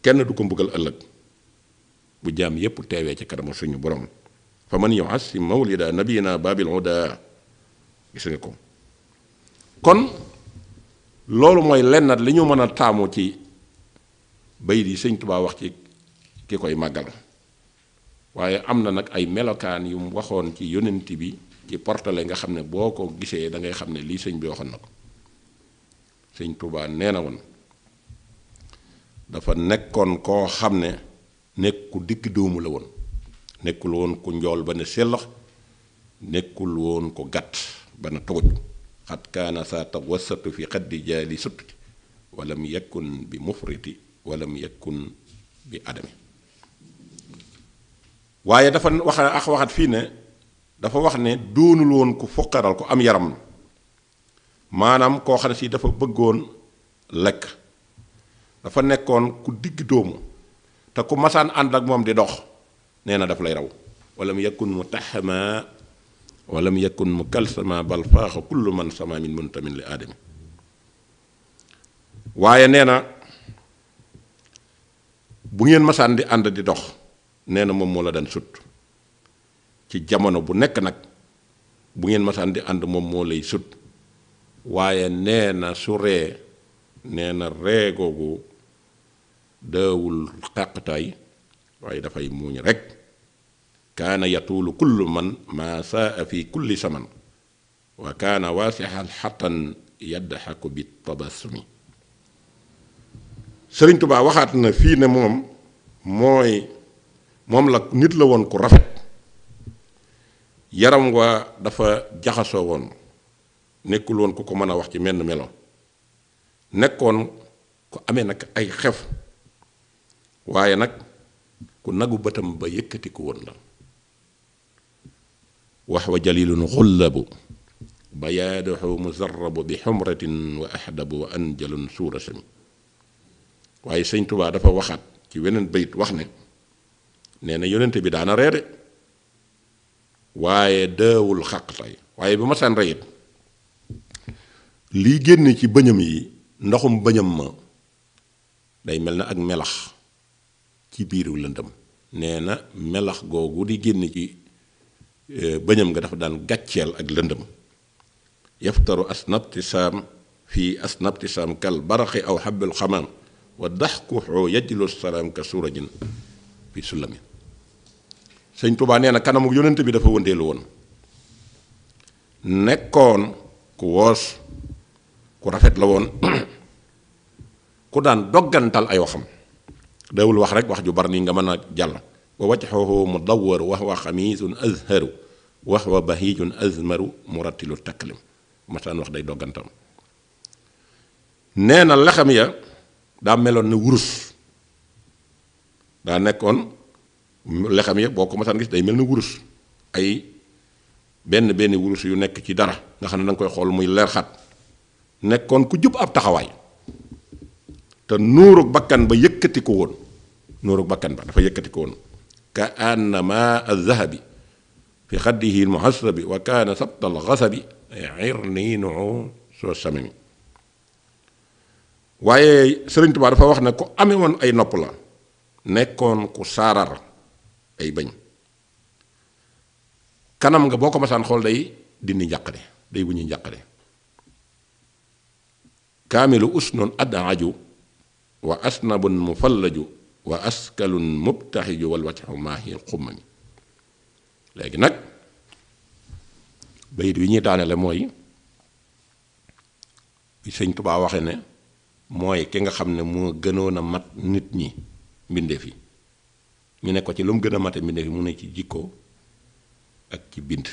[SPEAKER 1] kenn du ko mbugal ëllëg bu jaam yépp teewee ci kanamu suñu borom fa man yuasim mawlida na babil huda gis nga ko kon loolu mooy lennat li ñu mën a taamu ci bayit yi sëñ Tuubaa wax ci ki koy màggal waaye am na nag ay melokaan yu mu waxoon ci yonent bi ci portale nga xam ne boo ko gisee da ngay xam ne lii sëñ bi waxoon na ko sëñ Touba nee na woon dafa nekkoon koo xam ne nekk ku digg dóomu la woon nekkul woon ku njool ba ne sellax nekkul woon ku gàtt ba ne tobuj xat kaana saa tax wasatu fi xat jaali sutti walam yakkun bi mufriti walam yakkun bi adami waaye dafa wax ak waxat fii ne dafa wax ne doonul woon ku foqaral ko am yaram maanaam koo xam ne si dafa bëggoon lekk dafa nekkoon ku digg doomu te ku masaan ànd ak moom di dox nee na daf lay raw walam yakun mu taxama walam yakun mu kalsama bal faaxa kullu man sama min muntamin li aadami waaye nee na bu ngeen masaan di ànd di dox nee na moom moo la daan sut ci jamono bu nekk nag bu ngeen masaan di ànd moom moo lay sut waaye nee na su ree nee na ree googu deewul xàqtaay waaye dafay muuñ rekk kaana yatuulu kullu man maa saa fi kulli saman wa kaana waasixan xatan yaddaxaku bi tabasumi sëriñ tubaa waxaat na fii ne moom mooy moom la nit la woon ku rafet yaram wa dafa jaxasoo woon nekkul woon ku ko mën a wax ci menn melo nekkoon ku amee nag ay xef waaye nag ku nagu bëtam ba yëkkati ko woon la wax wa jalilun xullabu bayaadoxu musarrabu bi xumratin wa ahdabu wa anjalun waaye sëñ tubaa dafa waxaat ci weneen bayit wax ne nee na yonente bi daana reere waaye deewul xaq tey waaye bu ma saan reyit lii génn ci bëñam yi ndoxum bëñam ma day mel na ak melax ci biiru lëndëm nee na melax googu di génn ci e, bëñam nga dafa daan gàcceel ak lëndëm yaftaru asnabtisaam fii asnabtisaam kal baraxi aw xabil xamaam wa daxkuhu yajlu salaam ka surajin fi sulamin sëñ Tuubaa nee na kanamu yonent bi dafa wëndeelu woon nekkoon ku woos ku rafet la woon ku daan doggantal ay waxam dawul wax rek wax ju bari nii nga mën a jàll wa wajhuhu mudawwar wa huwa xamiisun azharu wa huwa bahiijun azmaru murattilu taklim masaan wax day doggantal nee na lexam ya daa meloon na wurus daa nekkoon lexam ya boo ko masaan gis day mel na wurus ay benn benn wurus yu nekk ci dara nga xam ne danga koy xool muy leer xat nekkoon ku jub ab taxawaay te nuurug bakkan ba yëkkati ko woon bakkan ba dafa yëkkati ko woon ka annama alzahabi fi xaddihi lmuhasabi wa kaana bi alxasabi irniinuu soo waaye Sëriñ Tuubaa dafa wax na ku ame woon ay nopp la nekkoon ku saarar ay bañ kanam nga boo ko masaan xool day dindi njàqare day wuñu njàqare kaamilu usnun ad'aju wa asnabun mufallaju wa askalun mubtaxiju wal wajhu maahil xummami léegi nag bayit wi ñuy daanele mooy sëñ Tubaa waxe ne mooy ki nga xam ne moo gënoon a mat nit ñi mbindeef yi ñu ne ko ci lu mu gën a mate mbindeef yi mu ne ci jikko ak ci bind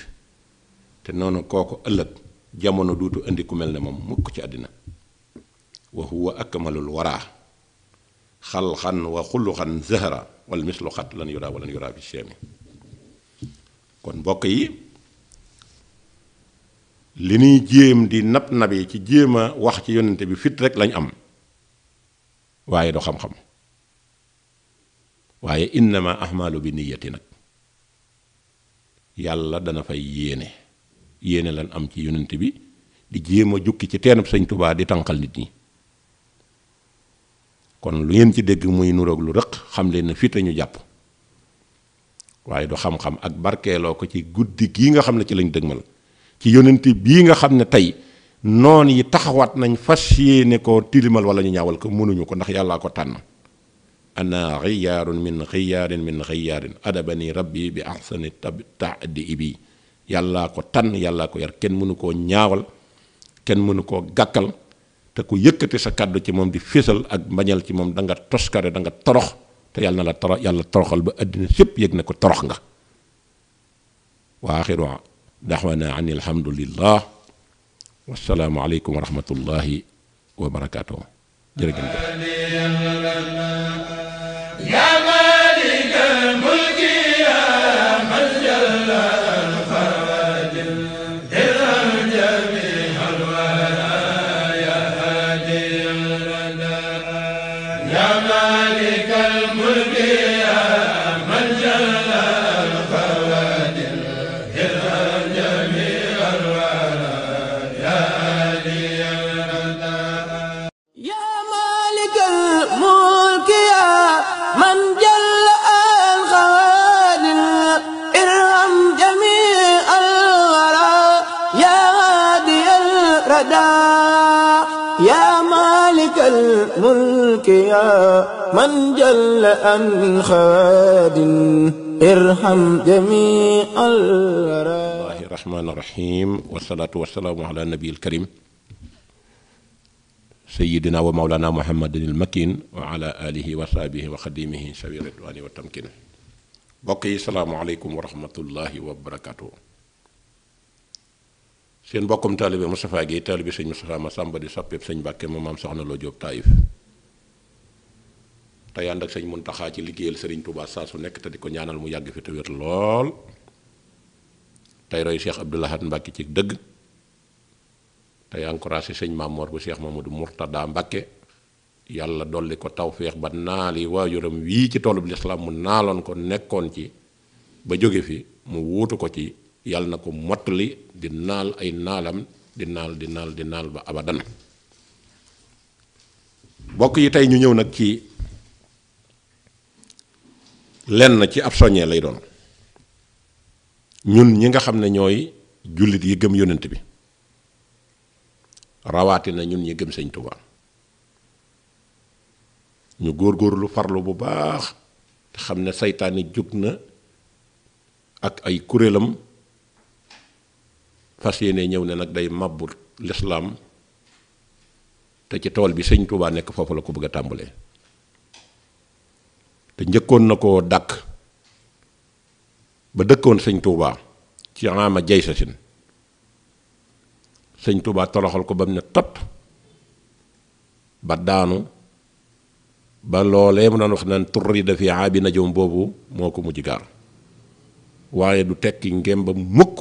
[SPEAKER 1] te noonu kooku ëllëg jamono duutu indi ku mel ne moom mukk ci àddina wa huwa akmalul wara xalxan wa xulluxan zahra wal mislu xat lan yuraa walan yuraa bi cheemi kon mbokk yi li nuy jéem di nab nabi ci jéem wax ci yonent bi fit rek lañ am waaye du xam-xam waaye innama ahmaalu bi niyyati nag yàlla dana fay yéene yéene lan am ci yonent bi di jéem a jukki ci teenub sëñ Tubaa di tànqal nit ñi kon lu ngeen ci dégg muy nuroog lu rëq xam leen ne fit lañu jàpp waaye du xam-xam ak barkeeloo ko ci guddi gii nga xam ne ci lañ dëgmal ci yonent bii nga xam ne tey noon yi taxawaat nañ fas yéene ko tilimal wala ñu ñaawal ko mënuñu ko ndax yàllaa ko tànn ana xiyaarun min xiyaarin min xiyaarin adabani rabbi bi axsani tadi bi yàllaa ko tànn yàllaa ko yar kenn mënu koo ñaawal kenn mënu koo gàkkal te ku yëkkate sa kàddu ci moom di fésal ak mbañal ci moom danga nga toskare da nga torox te yàlla na la torox yàlla toroxal ba àddina sépp yëg na ko torox nga wa axiru daxwana an alhamdulillah wasalaamu aleykum wa rahmatullahi wa barakatuh jërëjëf
[SPEAKER 2] يا من جل أن خاد ارحم
[SPEAKER 1] جميع الورى الله الرحمن الرحيم والصلاة والسلام على النبي الكريم سيدنا ومولانا محمد المكين وعلى آله وصحبه وخديمه سبيل الرضوان والتمكين بقي السلام عليكم ورحمة الله وبركاته seen mbokkum taalibe Moustapha Guèye taalibe sëñ Moustapha Massamba di soppeeb sëñ Mbàkke ma maam soxna loo Jóob Taayif tey ànd ak sëñ Muntaxa ci liggéeyal sëriñ Touba saa su nekk te di ko ñaanal mu yàgg fi te wér lool tey roy Cheikh Abdou Lahad ci dëgg tey encouragé sëñ mamoor bu Cheikh Mamadou Mourtada Mbacke yàlla dolli ko tawféex ba naal yi waajuram wii ci toolub lislaam mu naaloon ko nekkoon ci ba jóge fi mu wuutu ko ci yàlla na ko mottali di naal ay naalam di naal di naal di naal ba abadan bokk yi tey ñu ñëw nag ci lenn ci ab soññee lay doon ñun ñi nga xam ne ñooy jullit yi gëm yonent bi na ñun ñi gëm sëñ Tuubaa ñu góor góorgóorlu farlu bu baax te xam ne saytaani jóg na ak ay kuréelam fas yéene ñëw ne nag day màbbu lislaam te ci tool bi sëñ Tuubaa nekk foofu la ko bëgg a tàmbalee te njëkkoon na ko dàkk ba dëkkoon sëñ Touba ci ama jay sa sin sëñ Touba toloxal ko ba mu ne tot ba daanu ba loolee mu doon wax naan turri dafi aabi najoom boobu moo ko mujj gaar waaye du tekki ngém ba mukk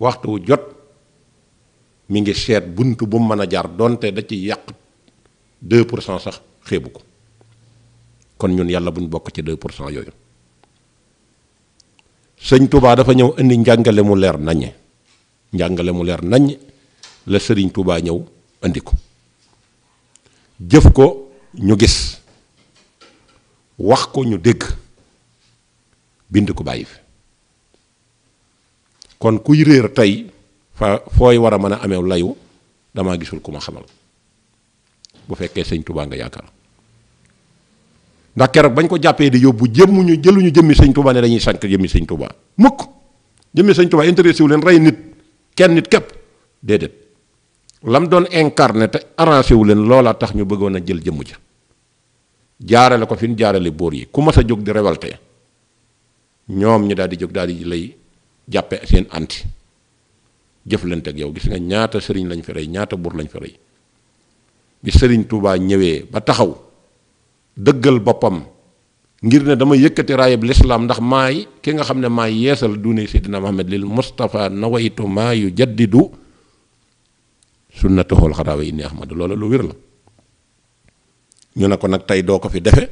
[SPEAKER 1] waxtu wu jot mi ngi seet bunt bu mu mën a jaar donte da ci yàq 2 pour cent sax xeebu ko kon ñun yàlla bu ñu bokk ci 2 pour cent yooyu sëñ Touba dafa ñëw indi njàngale mu leer naññe njàngale mu leer naññ la sëriñ Touba ñëw indi ko jëf ko ñu gis wax ko ñu dégg bind ko bàyyi fi kon kuy réer tey fa fooy war a mën a ameew layu damaa gisul ku ma xamal bu fekkee sëñ Touba nga yaakaar ndax keroog bañ ko jàppee di yóbbu jëmmuñu jëluñu jëmmi sëñ Touba ne dañuy sànq jëmmi sëñ Touba mukk jëmmi sëñ Touba intéressé wu leen rey nit kenn nit képp déedéet lam doon incarné te arrangé wu leen loola tax ñu bëggoon a jël jëmm ca jaarale ko fi ñu jaarale bóor yi ku mas a jóg di révolté ñoom ñu daal di jóg daal di lay jàppe seen anti jëflante ak yow gis nga ñaata sëriñ lañ fi rey ñaata buur lañ fi rey bi sëriñ tuubaa ñëwee ba taxaw. dëggal boppam ngir ne dama yëkkati raayab lislaam ndax maay ki nga xam ne maay yeesal duune seydina Muhammad lil Mustafa nawaytu maa yu jaddidu sunnatahu alxaraawa inni ahmad loola lu wér la ñu ne ko nag tey doo ko fi defe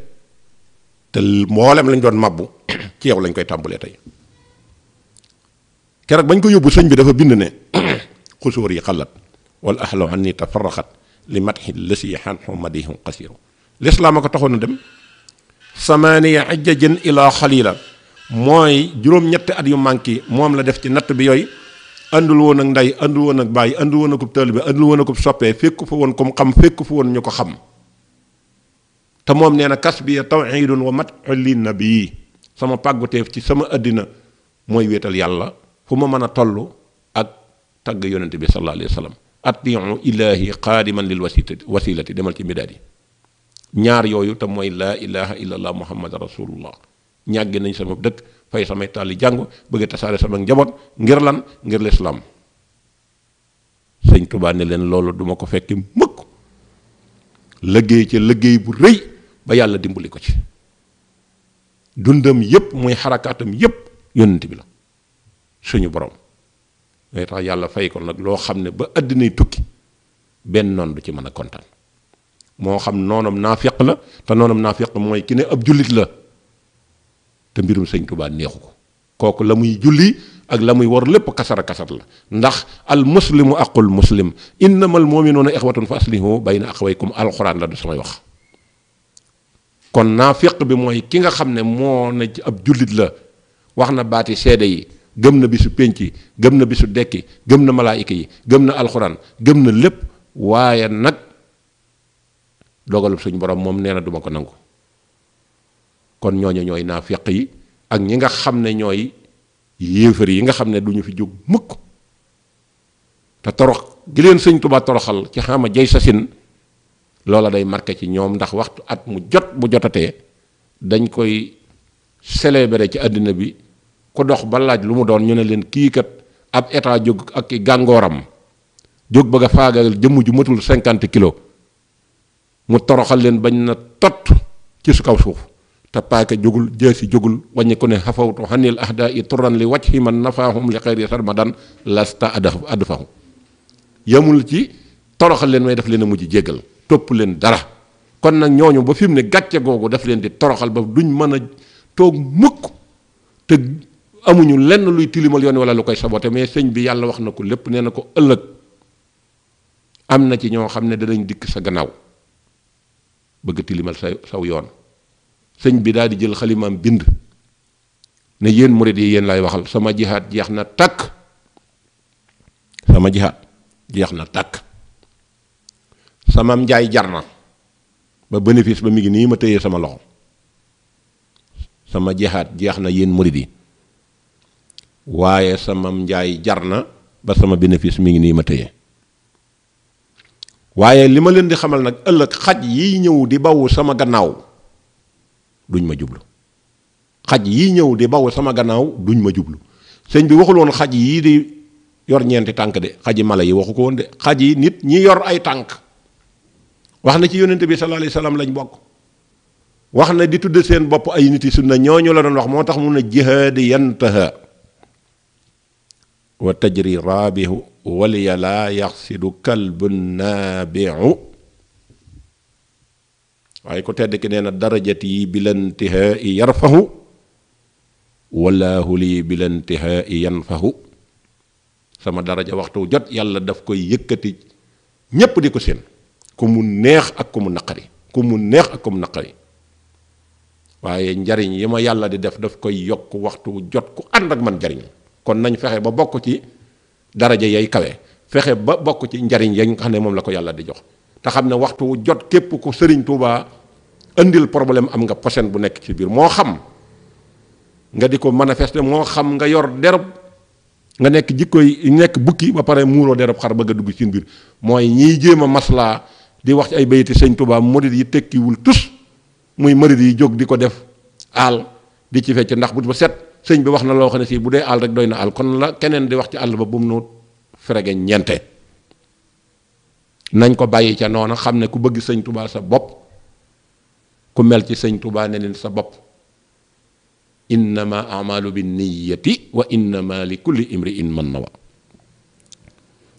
[SPEAKER 1] te mboolem lañ doon mabbu ci yow lañ koy tàmbalee tey keroog bañ ko yóbbu sëñ bi dafa bind ne xusóor yi xalat wal ahlu anni tafaraxat li matxi lësi xanxu madihum qasiru lislaam a ko taxoon a dem samaaniya ajjajin ilaa xalila mooy juróom-ñetti at yu manqué moom la def ci natt bi yooyu àndul woon ak ndey andul woon ak bàyyi andul woon akub taalibe andul woon akub soppee fekku fa woon kom xam fekku fa woon ñu ko xam te moom nee na kas bi tawxiidun wa mat li bi sama pàgguteef ci sama àddina mooy wéetal yàlla fu ma mën a toll ak tagg yonente bi sallallahu alayhi wa sallam atiicu ilaahi qaadiman lil wasilati demal ci midaadi ñaar yooyu te mooy laa ilaha illallah muhammad rasulullah ñàgg nañ sama dëkk fay samay tàlli jàng bëgg tasaare sama njaboot ngir lan ngir lislaam sëñ Tuubaa ne leen loolu duma ko fekki mukk liggéey ci liggéey bu rëy ba yàlla dimbali ko ci dundam yépp muy xarakaatam yépp yónnent bi la suñu borom day tax yàlla fay ko nag loo xam ne ba àddinay tukki benn noon du ci mën a kontaan moo xam noonam naafiq la te noonam naafiq mooy ki ne ab jullit la te mbirum sëñ Tuubaa neexu ko kooku la muy julli ak la muy war lépp kasara kasar la ndax al muslimu aqul muslim innamal muminuuna ixwatun fa aslihu bayna axawaykum alxuraan la du samay wax kon naafiq bi mooy ki nga xam ne moo na ci ab jullit la wax na baati seede yi gëm na bisu pénc gëm na bisu dekki gëm na malaayika yi gëm na alxuraan gëm na lépp waaye nag dogalu suñu borom moom nee na duma ko nangu kon ñooñu ñooy naa naafeq yi ak ñi nga xam ne ñooy yéefar yi nga xam ne duñu fi jóg mukk te torox gi leen sëñ Tuubaa toroxal ci xama jay sa sin loola day marqué ci ñoom ndax waxtu at mu jot bu jotatee dañ koy célébrer ci àddina bi ku dox ba laaj lu mu doon ñu ne leen kii kat ab état jóg ak i gàngooram jóg bëgg a faagaal jëmm ju matul cinquante kilos mu toroxal leen bañ na tot ci su kaw suuf te paaka jógul si jógul wàññi ku ne xafawtu xanil ahda i turan li wàcc xi man nafaahum li xeyri sarmadan lasta ad adfahu yamul ci toroxal leen may daf leen a mujj jéggal topp leen dara kon nag ñooñu ba fi mu ne gàcce googu daf leen di toroxal ba duñ mën a toog mukk te amuñu lenn luy tilimal yoon wala lu koy saboté mais sëñ bi yàlla wax na ko lépp nee na ko ëllëg am na ci ñoo xam ne danañ dikk sa gannaaw bëgg tilimal sa saw yoon sëñ bi daal di jël xalimaam bind ne yéen murid yi yéen laay waxal sama jihaat jeex na takk sama jihaat jeex na takk samam njaay jar na ba bénéfice ba mi ngi nii ma tëyee sama loxo sama jeexaat jeex na yéen murid yi waaye samam njaay jar na ba sama bénéfice mi ngi nii ma tëyee waaye li ma leen di xamal nag ëllëg xaj yiy ñëw di bawu sama gannaaw duñ ma jublu xaj yiy ñëw di bawu sama gannaaw duñ ma jublu sëñ bi waxul woon xaj yii di yor ñeenti tànk de xaji mala yi waxu ko woon de xaj yi nit ñi yor ay tànk wax na ci yonent bi sallallahu alayhi lañ bokk wax na di tudd seen bopp ay nit yi sunna ñooñu la doon wax moo tax mun a jihaadi yantaha wa tajri raabihu waliya laa yaxsidu kalbu naabiu waaye ku tedd ki nee na darajat yi bilantihaa i yarfahu walaahu lii bilantihaa i faxu sama daraja waxtu jot yàlla daf koy yëkkati ñépp di ko seen ku mu neex ak ku mu naqari ku mu neex ak ku mu naqari waaye njariñ yi ma yàlla di def daf koy yokk waxtu jot ku ànd ak man njariñ kon nañ fexe ba bokk ci daraja yay kawe fexe ba bokk ci njariñ ya xam ne moom la ko yàlla di jox te xam ne waxtu jot képp ku sëriñ Tuubaa indil problème am nga posen bu nekk ci biir moo xam nga di ko manifester moo xam nga yor derb nga nekk jikkoy nekk bukki ba pare muuroo derb xar bëgg a dugg ci biir mooy ñiy jéem a maslaa di wax ci ay bayti sëñ Tuubaa murid yi tekkiwul tus muy murid yi jóg di ko def aal di ci fecc ndax bu ba set sëñ bi wax na loo xam ne sii bu dee àll rek doy na àll kon la keneen di wax ci àll ba bu mu nu ferege ñeente nañ ko bàyyi ca noona xam ne ku bëgg sëñ tubaa sa bopp ku mel ci sëñ tubaa ne sa bopp innama amalu bi niyati wa innama li kulli imri in man nawa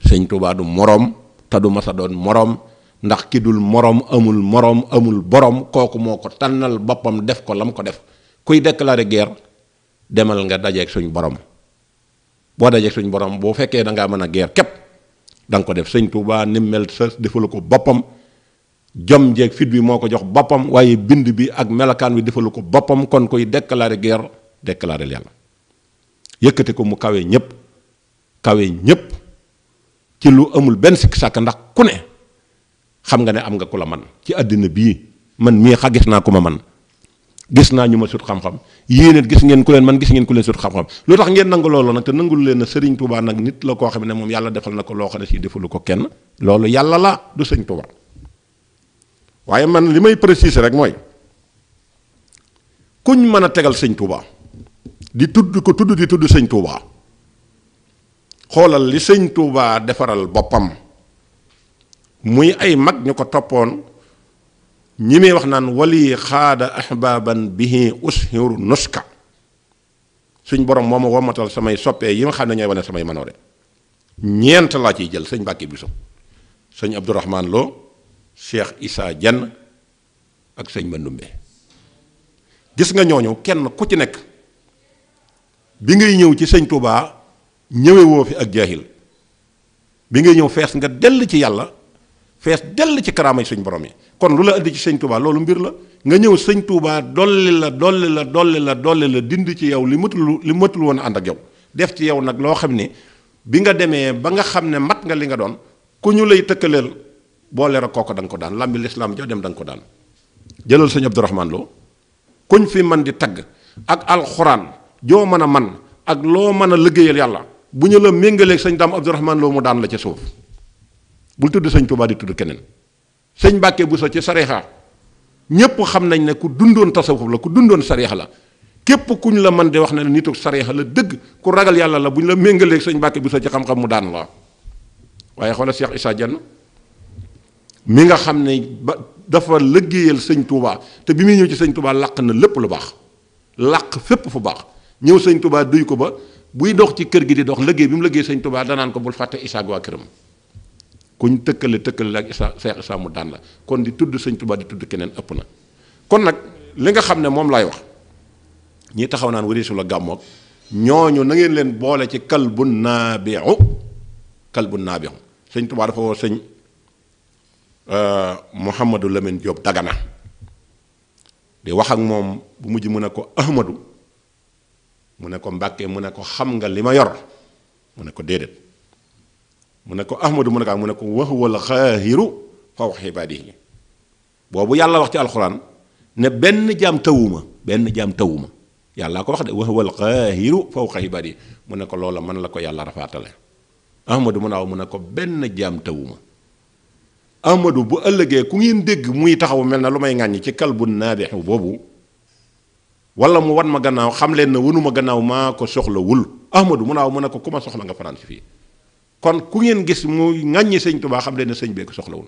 [SPEAKER 1] sëñ tubaa du moroom te du masa doon moroom ndax ki dul moroom amul moroom amul borom kooku moo ko tànnal boppam def ko lam ko def kuy déclarer guerre demal nga dajeeg suñ borom boo dajeeg suñ borom boo fekkee dangaa mën a geer képp da nga ko def sëñ Touba ni mel sa defalu ko boppam jom jeeg fit bi moo ko jox boppam waaye bind bi ak melokaan bi defalu ko boppam kon koy déclarer guerre déclarer yàlla yëkkati ko mu kawee ñëpp kawe ñépp ci lu amul benn sikk sàkk ndax ku ne xam nga ne am nga ku la man ci àddina bii man mii xagis naa ku ma man gis naa ñu ma sut xam-xam yéen gis ngeen ku leen man gis ngeen ku leen sut xam-xam lu tax ngeen nangu loolu nag te nangul leen sëriñ Touba nag nit la ko xam ne moom yàlla defal na ko loo xam ne si defalu ko kenn loolu yàlla la du sëñ Touba waaye man li may préciser rek mooy kuñ mën a tegal sëñ Touba di tudd ko tudd di tudd sëñ Touba xoolal li sëñ tuubaa defaral boppam muy ay mag ñu ko toppoon. ñi may wax naan wali xaada ahbaban bihi ushiru nuska suñ borom moo ma womatal samay soppee yi ma xam ne ñooy ne samay manoore ñeent laa ciy jël sëñ Mbàkke Buso sëñ Abdourahman loo Cheikh Issa jenn ak sëñ Mandumbe gis nga ñooñu kenn ku ci nekk bi ngay ñëw ci sëñ Touba ñëwee woo ak jaahil bi ngay ñëw fees nga dell ci yàlla fees dell ci karaamay suñ borom yi kon lu la indi ci sëñ Touba loolu mbir la nga ñëw sëñ tuubaa dolli la dolli la dolli la dolli la dind ci yow li matul li matul woon a ànd ak yow def ci yow nag loo xam ni bi nga demee ba nga xam ne mat nga li nga doon ku ñu lay tëkkaleel boole rek kooko da nga ko daan lambi lislaam joo dem danga ko daan jëlal sëñ Abdourahmane Lo kuñ fi man di tagg ak alxuraan joo mën a man ak loo mën a liggéeyal yàlla bu ñu la méngaleeg sëñ Dame Abdourahmane Lo mu daan la ca suuf bul tudd sëñ Touba di tudd keneen sëñ Mbàkke bu so ci sareexa ñëpp xam nañ ne ku dundoon tasawuf la ku dundoon sareexa la képp ku ñu la mën di wax ne nitu sareexa la dëgg ku ragal yàlla la bu ñu la méngaleeg sëñ Mbàkke bu so ci xam-xam mu daan la waaye xoolal Cheikh Issa Diène mi nga xam ne ba dafa lëggéeyal sëñ tuubaa te bi muy ñëw ci sëñ Touba làq na lépp lu baax làq fépp fu baax ñëw sëñ Touba duy ko ba buy dox ci kër gi di dox lëggéey b mu lëggéey sëñ Touba danaan ko bul fàtte Issa ak ku ñu tëkkale tëkkale la ak Isa Seex Isaa mu daan la kon di tudd sëñ Tuubaa di tudd keneen ëpp na kon nag li nga xam ne moom laay wax ñi taxaw naan warisu la gàmmoog ñooñu na ngeen leen boole ci kalbun naabiu kalbun naabiu sëñ Tuubaa dafa woo sëñ euh, Mouhamadou Lamine Diop Dagana di wax ak moom bu mujj mu ne ko Ahmadou mu ne ko Mbàkke mu ne ko xam nga li ma yor mu ne ko déedéet mu ne ko ahmadu mu ne ko mu ne ko wax wal xaahiru faw xibaadihi boobu yàlla wax ci alxuraan ne benn jaam tawuma benn jaam tawuma yàllaa ko wax de wax wal xaahiru faw xibaadihi mu ne ko loola man la ko yàlla rafaatale ahmadu mu naaw mu ne ko benn jaam tawuma ahmadu bu ëllëgee ku ngeen dégg muy taxaw mel na lu may ŋàññi ci kalbu naadixu boobu wala mu wan ma gannaaw xam leen ne wanu ma gannaaw maa ko soxlawul ahmadu mu naaw mu ne ko ku ma soxla nga fanaan si fii kon ku ngeen gis muy ŋàññi sëñ tubaa xam leen ne sëñ bee ko soxlawul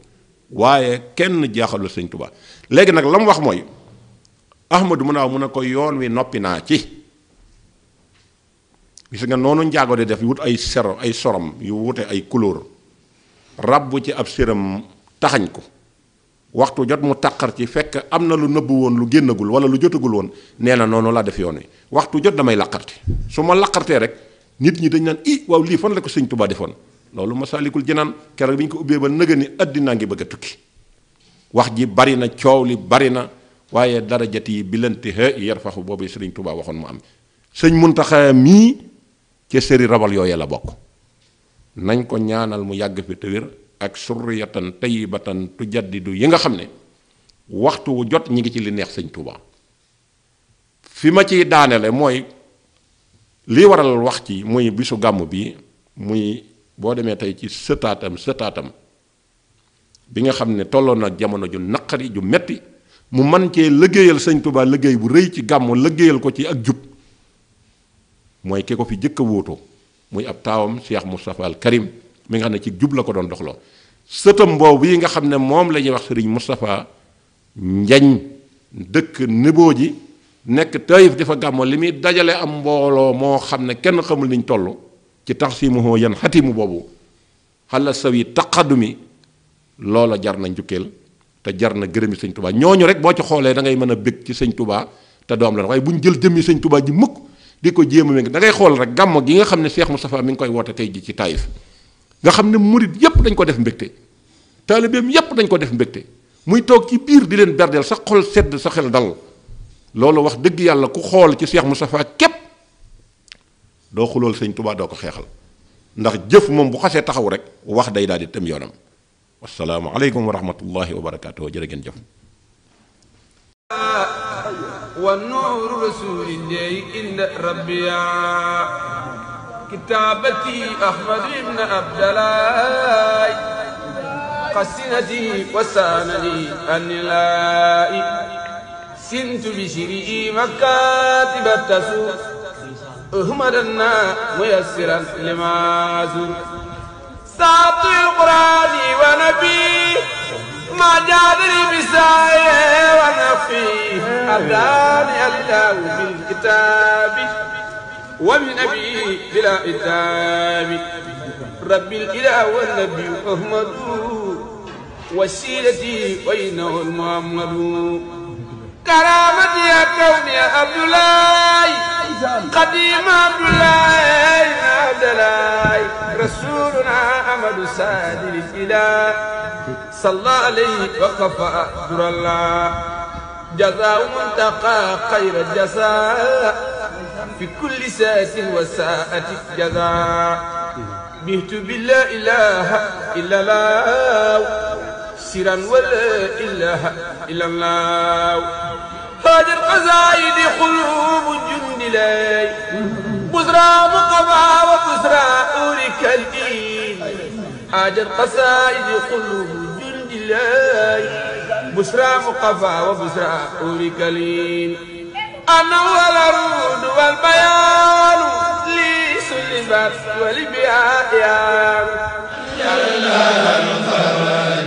[SPEAKER 1] waaye kenn jaaxalul sëñ tubaa léegi nag la mu wax mooy ahmadu mun aaw mun a ko yoon wi noppi naa ci gis nga noonu njaago de def wut ay sero ay sorom yu wute ay couleur rabbu ci ab séram taxañ ko waxtu jot mu taqar ci fekk am na lu nëbb woon lu génnagul wala lu jotagul woon nee na noonu laa def yoon wi waxtu jot damay laqarte su ma laqartee rek nit ñi dañ naan i waaw lii fan la ko sëñ Tuubaa defoon loolu Masaalikul Jinaan keroog bi ñu ko ubbee ba nëga ni àddinaa ngi bëgg a tukki wax ji bari na coow li bari na waaye darajat yi bilanti he yar faxu boobu sëriñ Tuubaa waxoon mu am sëñ Muntaxa mii ca séri rabal yooye la bokk nañ ko ñaanal mu yàgg fi tëwér ak tey surriyatan tayyibatan tujaddidu yi nga xam ne waxtu wu jot ñi ngi ci li neex sëñ Tuubaa fi ma ciy daanele mooy li waral wax ci muy bisu gàmm bi muy boo demee tey ci sëtaatam sëtaatam bi nga xam ne tolloon ak jamono ju naqari ju metti mu man cee liggéeyal sëñ Tuubaa liggéey bu rëy ci gàmm liggéeyal ko ci ak jub mooy ki fi jëkk a wóotoo muy ab taawam Cheikh Moustapha al Karim mi nga xam ne ci jub la ko doon doxloo sëtam boobu yi nga xam ne moom la wax sëriñ Moustapha Njañ dëkk Néboo ji nekk Taïf di fa gàmmoo li muy dajale am mbooloo moo xam ne kenn xamul niñ toll ci tax si mu yan xatimu boobu la saw yi taqaddu mi loola jar na njukkeel te jar na gërëmi sëñ tubaa ñooñu rek boo ci xoolee dangay mën a bëgg ci sëñ tubaa te doom la waaye bu ñu jël jëmmi sëñ tubaa ji mukk di ko jéem a méngi da ngay xool rek gàmmo gi nga xam ne Cheikh Moustapha mi ngi koy woote tey ji ci Taïf nga xam ne murit yépp dañ ko def mbégte taalibeem yépp dañ ko def mbégte muy toog ci biir di leen berdeel sa xol sedd sa xel loolu wax dëgg yàlla ku xool ci Cheikh Moustapha képp doo xulool sëñ Tuubaa doo ko xeexal ndax jëf moom bu xasee taxaw rek wax day daal di tëm yoonam wa rahmatullahi wa
[SPEAKER 2] سنت بشري مكاتب التسوق اهمدنا ميسرا لما زر سعبت القرآن ونبي ما جادني بسايا ونفي أداني الله بالكتاب ومن أبي بلا إتاب رب الإله والنبي أحمد وسيلتي وإنه محمد كرامة يا كوني يا عبد الله قديم عبد الله عبد الله رسولنا أحمد سادر الإله صلى عليه وقف در الله جزاء منتقى خير الجزاء في كل ساعة وساعة جزاء بهت بالله إله إلا الله سرا ولا إله إلا الله هاجر قزايد قلوب جند لي بزرى مقبى وبزرى أورك الدين هاجر قصائد قلوب جند لي بزرى مقبى وبزرى أورك الدين أنا والعرود والبيان لي سلمت ولبيان يا الله